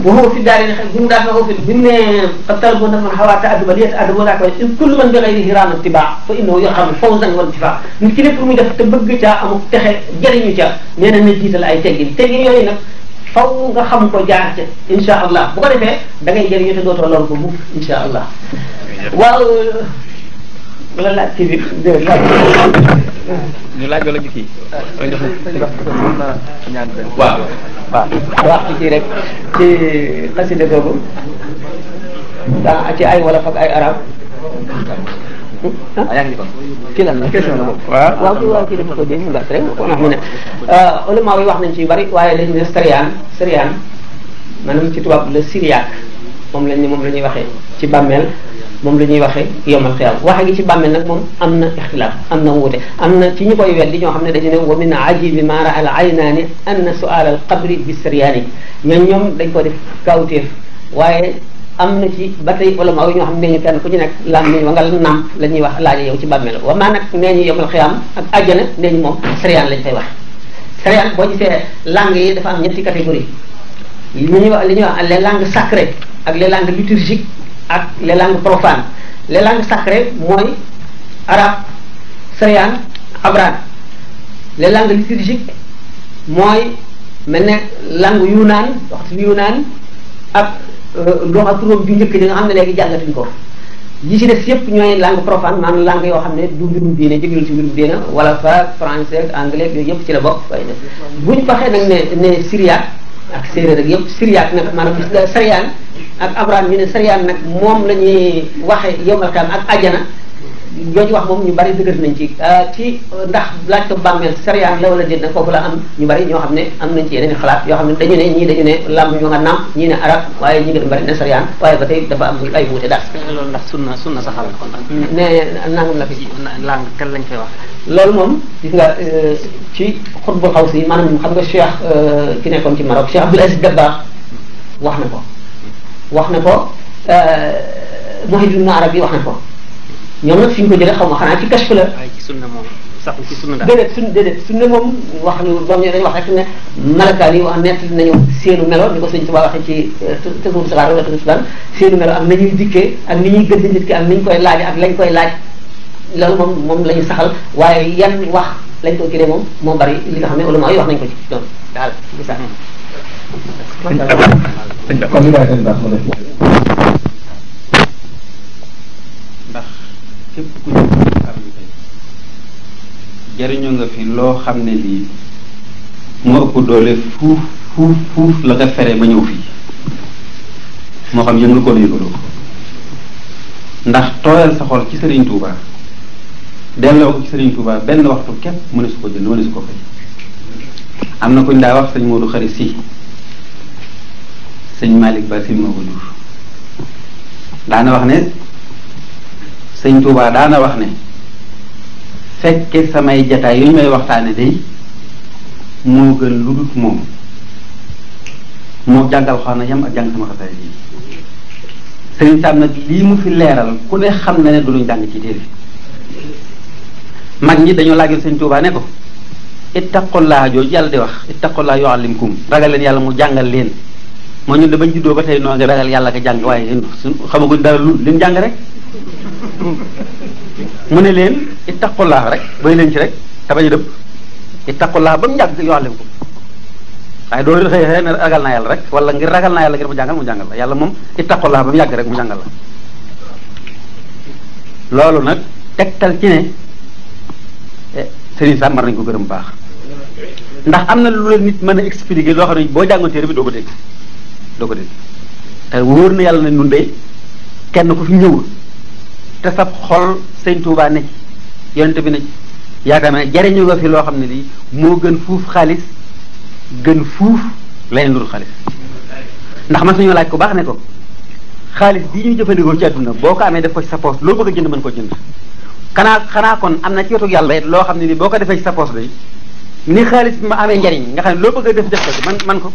Speaker 1: bu ma fi daal di ne xëy bu mu daal ma ko fi bi mu nee ab talabo na man xawaat te àdduma lii te àdduma naa koy kullu man doxee di xiraanam ci baax fa innoo yoo xam ne te bëgg na na jiital xam ko jaar ca incha allah bu ko defee da ngay jëriñu te dootoo lor ko mukk incha allah waaw
Speaker 2: wala laaj ci bi laaj ñu laaj wala ñu kii. waaw waaw wax ci kii rek ci ay wolof
Speaker 1: ak ay arab ah yaa ngi ko kii lan la question la moom. waaw waaw kii waaw ko dégg mu gàtt rek ko wax uh, wax nañ ci yu bari waaye dañu ne Syrian Syrian ci tubaab la syriaque moom lañ ne moom la ñuy wax ci bàmmeel. moom la ñuy waxee yomal xiyaam waxe gi ci bàmmeel nag moom am na ixtilaaf am na wuute am na ci ñu koy weddi ñoo xam ne dañu ne wa min ajibi ma ra al aynaani anna sual al qabri bi siryaani ñoom ñoom dañ ko def kawteef waaye am na ci ba tey ulama yi ñoo xam ne ñu kenn ku ci nekk lam niñu wa nga nam la ñuy wax laaje yow ci bàmmeel wa maa nag nee ñu yomal xiyaam ak àjjana nee ñu moom siriyaan lañ fay wax siriyaan boo gisee langue yi dafa am ñetti catégorie li ñuy wax li ñuy wax les langues sacrées ak les langues liturgiques ak les langues profanes les langues sacrées mooy arabe sëriyaan abraan les langues liturgiques mooy mel ne langue yunaan waxtu yunaan ak loo euh, ak turam ju njëkk yi nga xam ne léegi jàngatuñ ko li ci des yëpp ñooy langue profane maanaam langue yoo xam ne du mbirum diine jëgul ci mbirum diine wala fa français anglais yooyu yëpp ci la bokk fay na buñ waxee nag ne ne syriaque ak séeréer ak yëpp syriaque nag maanaam gis la sëriyaan ak abraham ñu ne sariyaan nag moom la ñuy waxe yomal kaam ak ajjana jooju wax moom ñu bari dëgër nañ ci ah, ci ndax laaj ko bàmmeel sariyaan la wala déet nag foofu la am ñu bari ñoo xam ne am nañ ci yeneen yoo xam ne dañu ne ñii dañu ne làmb ñu nga naam ñii ne arab waaye ñi ngeen bari ne sariyaan waaye ba tey dafa am ay wuute daal loolu ndax sunna sunna saxal na ko ndax ne nangam la fi lang kan lañ fay wax loolu moom gis nga euh, ci xutbul xaw si maanaam xam nga cheikh euh, ki nekkoon ci Maroc cheikh Abdoul Aziz Dabakh wax na ko wax na ko euh, Muhyiddin Ibn yi wax na ko ñoom nag fi ñu ko jëlee xaw ma xanaa ci kashf la. waaye ci sunna moom sax ci sunna daal déedéet sunna déedéet sunna moom wax ñu ba mu dañu wax rek ne malakaan yi wax na nañu seenu melo ni ko sëñ Tuubaa waxee ci tëgum saxaar wala tëgum saxaar seenu melo ak ñuy dikkee ak ni ñuy gëdd nit ki ak ni ñu ko laaj ak lañ koy laaj loolu moom moom la ñu saxal waaye yan wax lañ ko kii de moom moo bari li nga xam ne ulama yi wax nañ ko ci loolu daal gis ndax
Speaker 5: képp ku ñu xamante nga fi loo xam ne lii moo ëpp doole fuuf fuuf fuuf la nga fere ba ñëw fii moo xam yëngu ko yëngaloo ko ndax tooyal sa xol ci Serigne Touba delloo ko ci Serigne Touba benn waxtu képp mënees ko jël mënees ko fay am na kuñ daa wax sëñ Modou Xarit si sëñ Malick Ba fi ma ko jur daana wax ne sëñ Touba daana wax ne fekke samay jataay yu may waxtaane day moo gën lu dut moom moo jàngal xam na yam ak jàng sama xasaay yi sëriñ Sam nag lii mu fi leeral ku ne xam na ne du luñ jàng ci téere mag ñi dañoo laajal sëñ Touba ne ko ittaqullaa jooju yàlla di wax ittaqullaa yuallimkum ragal leen yàlla mu jàngal leen moo ñun de bañ juddoo ba tey noo ngi ragal yàlla ka jàng waaye suñ xamaguñ dara lu leen jàng rek mu ne leen ittaqullaa rek bay leen ci rek te bañ a dëpp ittaqullaa ba mu njàgg yoo xam ko waaye doo xëy xëy ne ragal naa yàlla rek wala ngir ragal naa yàlla ngir mu jàngal mu jàngal la yàlla moom ittaqullaa ba mu yàgg rek mu jàngal loolu nag tegtal ci ne e, sëriñ Sam mar nañu ko gërëm baax ndax am na lu la nit mën a expliquer loo xam ne boo jàngoon téere bi doo ko doo ko dindi te wóor na yàlla na nun de kenn ku fi ñëwul te sab xol sëñ Tuubaa ne ci yonente bi ne ci yaakaar naa ne jariñu nga fi loo xam ne lii moo gën fuuf xaalis gën fuuf leneen lu dul xaalis ndax man suñu laaj ko baax ne ko xaalis bi ñu jëfandikoo ci àdduna boo ko amee def ko sa poos loo bëgg a jënd mën ko jënd xanaa xanaa kon am na ci wetu yàlla it loo xam ne lii boo ko defee sa poos day ni xaalis bi ma amee njariñ nga xam ne loo bëgg a def def ko ci man man ko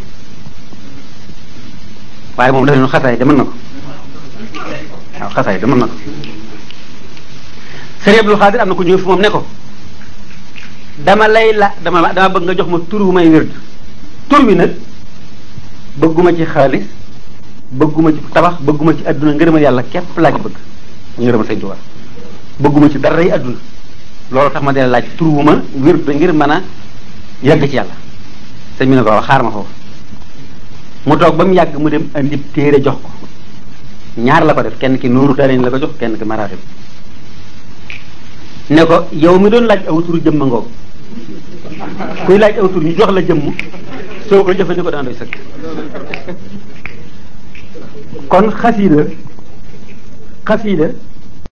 Speaker 5: waaye moom dafa ne xasaay de mën na ko waaw xasaay de mën na ko Sëriñ Abdul Xaadir am na ko ñëw fi moom ne ko dama lay la dama dama bëgg nga jox ma tur wu may wérd tur wi nag bëgguma ci xaalis bëgguma ci tabax bëgguma ci adduna ngërëmal yàlla képp laaj bëgg bëgg ngërëmal Sëriñ Tuubaa bëgguma ci dara yi adduna loolu tax ma dee laaj tur wu ma wérd ngir mën a yegg ci yàlla sëñ bi ne ko wax xaar ma foofu mu toog ba mu yàgg mu dem andi téere jox ko ñaar la ko def kenn ki nuuru dareñ la ko jox kenn ki maraatim ne ko yow mi doon laaj aw turu jëmm ngoog kuy laaj aw tur ñu jox la jëmm soo ko jëfandikoo daan doy sëkk kon xasiida
Speaker 4: xasiida